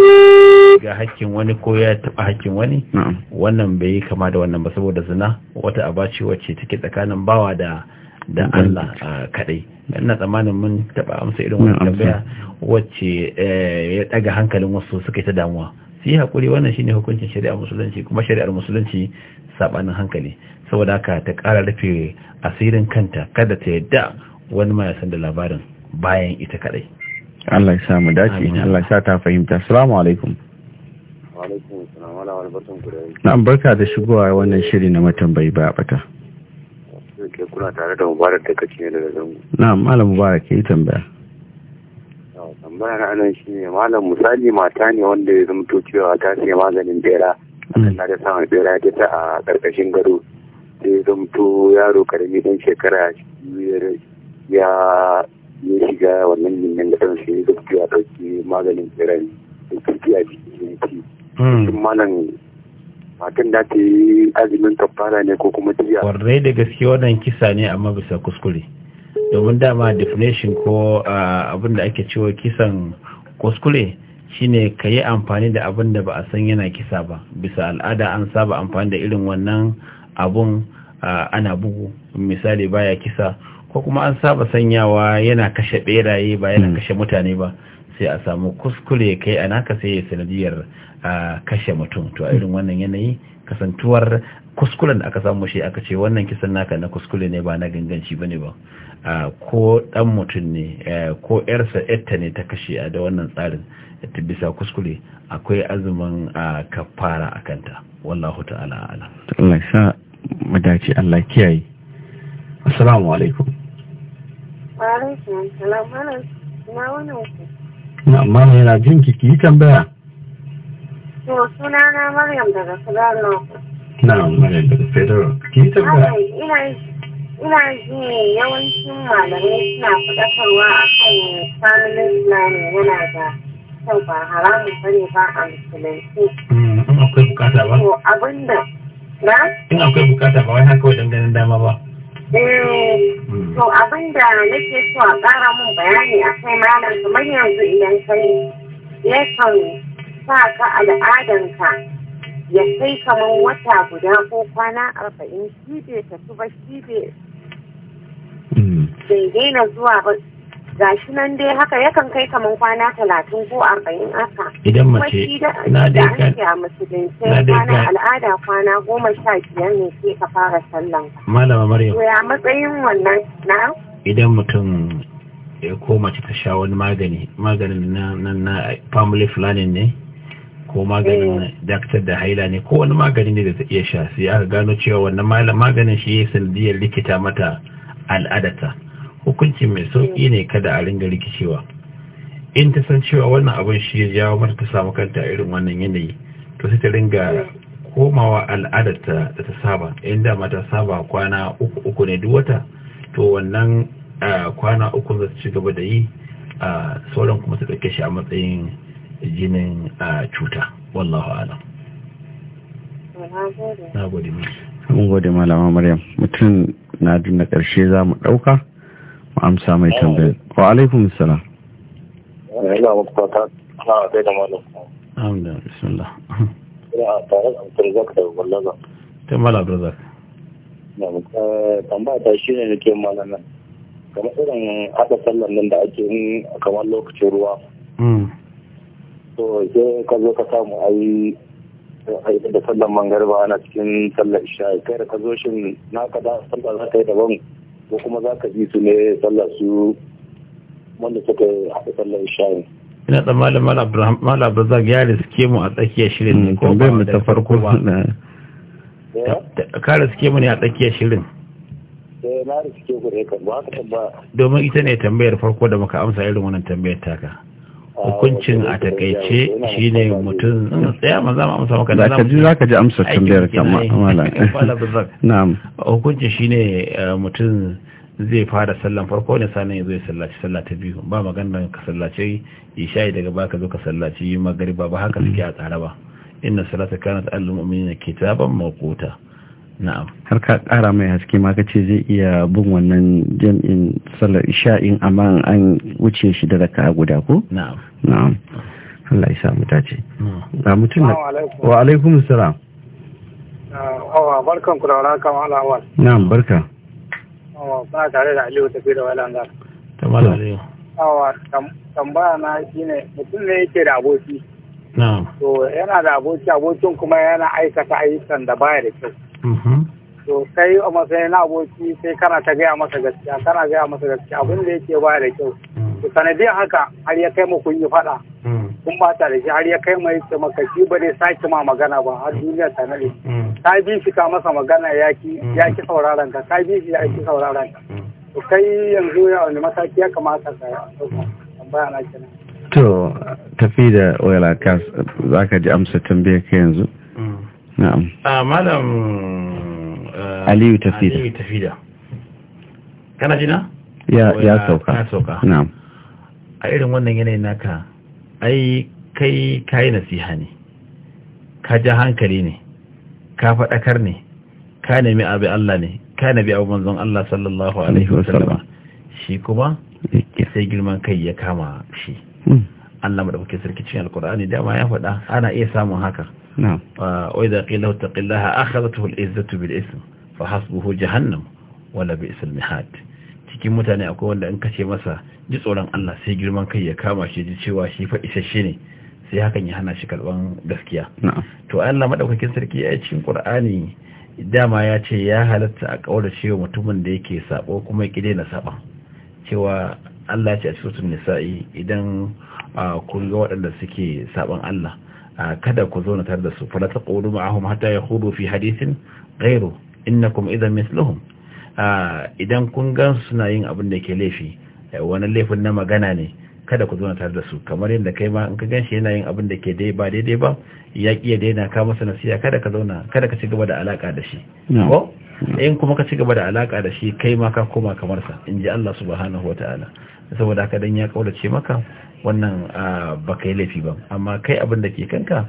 ga hakkin wani ko ya taba hakkin wani wannan bai yi kama da wannan ba saboda zina wata abaci wacce take tsakanin bawa da da Allah kadai ina tsammanin mun taba amsa irin wannan tambaya wacce eh, ya daga hankalin wasu suka ta damuwa su yi hakuri wannan shine hukuncin shari'ar musulunci kuma shari'ar musulunci sabanin hankali saboda haka ta ƙara rufe asirin kanta kada ta yadda wani ma ya san da labarin bayan ita kadai Allah ya sa mu dace Allah ya sa ta fahimta assalamu alaikum wa alaikum assalam na'am barka da shigowa wannan shiri na matambayi ba bata ke kuna tare da mubarak daga ne daga zango na malam mubarak ya yi tambaya tambaya na nan shi ne malam misali mata ne wanda ya zama cewa ta sai maganin bera akan na da samun bera ya ta a karkashin gado sai zamto yaro karami dan shekara ya ya shiga wannan jinnan da kan sai zamto ya dauki maganin bera ne da kirki a jikin yanki hmm. shin malam matan da ta yi azumin kafara ne ko kuma jiya. Kwarai da gaske wannan kisa ne amma bisa kuskure. Domin dama definition ko abin da ake cewa kisan kuskure shine ka yi amfani da abin da ba a san yana kisa ba. Bisa al'ada an saba amfani da irin wannan abun ana bugu misali baya kisa ko kuma an saba sanyawa yana kashe beraye ba yana hmm. kashe mutane ba. sai a samu kuskure kai a naka sai ya sanadiyar kashe mutum to a irin wannan yanayi kasantuwar kuskuren da aka samu shi aka ce wannan kisan naka na kuskure ne ba na ganganci bane ba ko dan mutum ne ko yarsa yarta ne ta kashe da wannan tsarin ta bisa kuskure akwai azumin kafara a kanta wallahu ta'ala ala Allah sa mu dace Allah kiyaye assalamu alaikum wa alaikum assalam malam na wannan amma yana jin ki ki tambaya to suna na maryam daga federal na maryam daga federal ki tambaya ina ji yawancin malamai suna faɗakarwa a kan family planning yana da kyau ba haramun bane ba a musulunci mm, in akwai bukata ba abinda na in akwai bukata ba wai haka wajen ganin dama ba Eh, to abin da nake so a ƙara mun bayani a kai malam kamar yanzu idan kai yakan sa ka al'adanka ya kai kamar wata guda ko kwana arba'in shi bai tafi ba shi bai hmm. daina zuwa ba gashi nan dai haka yakan kai kaman kwana talatin ko arba'in haka. Idan mace na dai ka a musulunci kwana al'ada kwana goma sha biyar ne sai ka fara sallan. Malama Maryam. Ya matsayin wannan na? Idan mutum ya ko mace ta sha wani magani maganin na na family planning ne ko maganin eh. daktar da haila ne ko wani magani ne da ta iya sha sai aka gano cewa wannan maganin shi ya sanadiyar likita mata al'adata. hukunci mai sauki ne kada a ringa rikicewa in ta san cewa wannan abin shi ya jawo mata ta samu kanta irin wannan yanayi to sai ta ringa komawa ta da ta saba in da ta saba kwana uku uku ne duk wata to wannan kwana uku za su ci gaba da yi a sauran kuma su ɗauke shi a matsayin jinin cuta wallahu alam na gode malama maryam mutum na na ƙarshe za mu ɗauka amsa mai tambayar wa alaikum salam ina mutunta ha da da malam alhamdulillah bismillah ina tare da abdulrazak da wallaza ta malam abdulrazak eh, tambaya ta shi ne nake malam nan kamar irin haɗa sallan nan da ake yi kamar lokacin ruwa hmm. to sai ka zo ka samu ayi da sallan mangarba ana cikin sallar isha kai da ka zo shin naka da sallar za ta yi daban ko kuma za ka ji su ne sallar su wanda suka haɗa sallar isha'i ina da malam malam razak ya riske mu a tsakiyar shirin ne ko ba mu ta farko ba eh? ka riske mu ne a tsakiyar shirin eh, domin ita ne tambayar farko da muka amsa irin wannan tambayar taka hukuncin a takaice shi ne mutum tsaya ma za mu amsa maka da zamu za ka ji amsa tambayar kama na'am hukuncin shi ne eh, mutum zai fara sallan farko ne sanan ya zo ya sallaci sallah ta biyu ba maganar ka sallace sallaci shayi daga baka zo ka sallaci magariba ba haka suke a tsara ba inna salata kanat al-mu'minina kitaban mawquta har ka kara mai haske ma ka ce zai iya bin wannan jam'in sallar isha'in amma an wuce shi da raka guda ko na'am na'am Allah ya samu dace ga mutum wa alaikum salam awa uh, oh, barkan ku da waraka wa alawal na'am barka awa oh, ba tare da Aliyu tafi da walan gar tamam Aliyu awa tambaya na shine mutum ne yake da aboki na'am to yana da aboki abokin kuma yana aikata ayyukan da baya da kyau Mm-hmm. to kai a matsayin na aboki sai kana ta gaya masa gaskiya kana gaya masa gaskiya abin da yake baya da kyau mm. to sanadiyar haka har ya kai kun yi faɗa mm. kun bata da shi har ya kai mai ce maka shi ba zai sake ma magana ba har duniya ta nade mm. ka bi shi ka masa magana ya ki sauraron ka ka bi shi ya ki sauraron ka to kai yanzu ya wani mataki ya kamata ka tambaya na kenan to tafi da oil account za ka ji amsa tambayar yanzu na'am ah, malam eh, aliyu tafida aliyu kana jina ya sauka ya sauka a irin wannan yanayin naka ai kai kai nasiha ne ka ja hankali ne ka faɗakar ne ka nemi abi Allah ne ka nabi abu manzon Allah sallallahu alaihi wasallam shi kuma sai girman kai ya kama shi hmm. Allah madaukake sarki cikin alkur'ani dama ya faɗa ana iya samun haka نعم وإذا قيل له اتق الله أخذته العزة بالإثم فحسبه جهنم ولا بئس المهاد cikin mutane akwai wanda in kace masa ji tsoron Allah sai girman kai ya kama shi ji cewa shi fa isasshe ne sai hakan ya hana shi karban gaskiya to Allah madaukakin sarki ya cikin Qur'ani dama ya ce ya halatta a kawar cewa mutumin da yake sabo kuma yake daina saba cewa Allah ya ce a cikin nisa'i idan kun ga waɗanda suke saban Allah kada ku zo na tare da su fala taqulu ma'ahum hatta yakhudu fi hadithin ghayru innakum idan misluhum idan kun gan suna yin abin da ke laifi wani laifin na magana ne kada ku zo na tare da su kamar yadda kai ma in ka gan shi yana yin abin da ke dai ba daidai ba ya kiya daina ka masa nasiya kada ka zauna kada ka ci gaba da alaka da shi ko in kuma ka ci da alaka da shi kai ma ka koma kamar sa in ji Allah subhanahu wataala saboda haka dan ya kaurace maka wannan ba ka yi laifi ba amma kai abin da ke kanka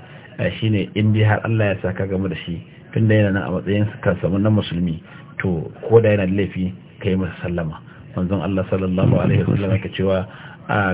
shine in dai har Allah ya saka game da shi tunda yana nan a matsayin kan samu na musulmi to ko da yana da laifi ka yi masa sallama manzon Allah sallallahu alaihi wasallam ka cewa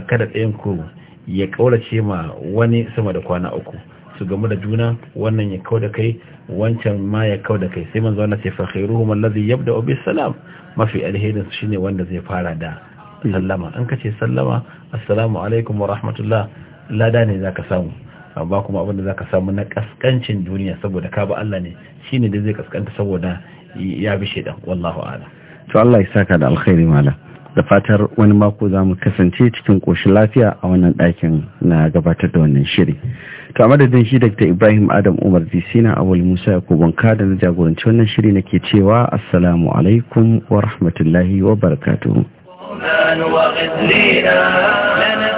kada tsayin ku ya kaurace ma wani sama da kwana uku su gamu da juna wannan ya kau da kai wancan ma ya kau da kai sai manzo Allah sai fa khairuhum alladhi yabda'u bis salam mafi alherin shine wanda zai fara da sallama an kace sallama assalamu alaikum wa rahmatullah lada ne zaka samu amma kuma abin da ka samu na kaskancin duniya saboda ka ba Allah ne shine da zai kaskanta saboda ya bi shedan wallahu ala. to Allah ya saka da alkhairi mala da fatar wani mako za mu kasance cikin koshin lafiya a wannan ɗakin na gabatar da wannan shiri. To a madadin shi Dr. Ibrahim Adam Umar jisina a wali Musa ya kobanka da na jagoranci wannan shiri nake cewa Assalamu alaikum wa rahmatullahi wa barakatuhu. القرآن وغزلنا لنا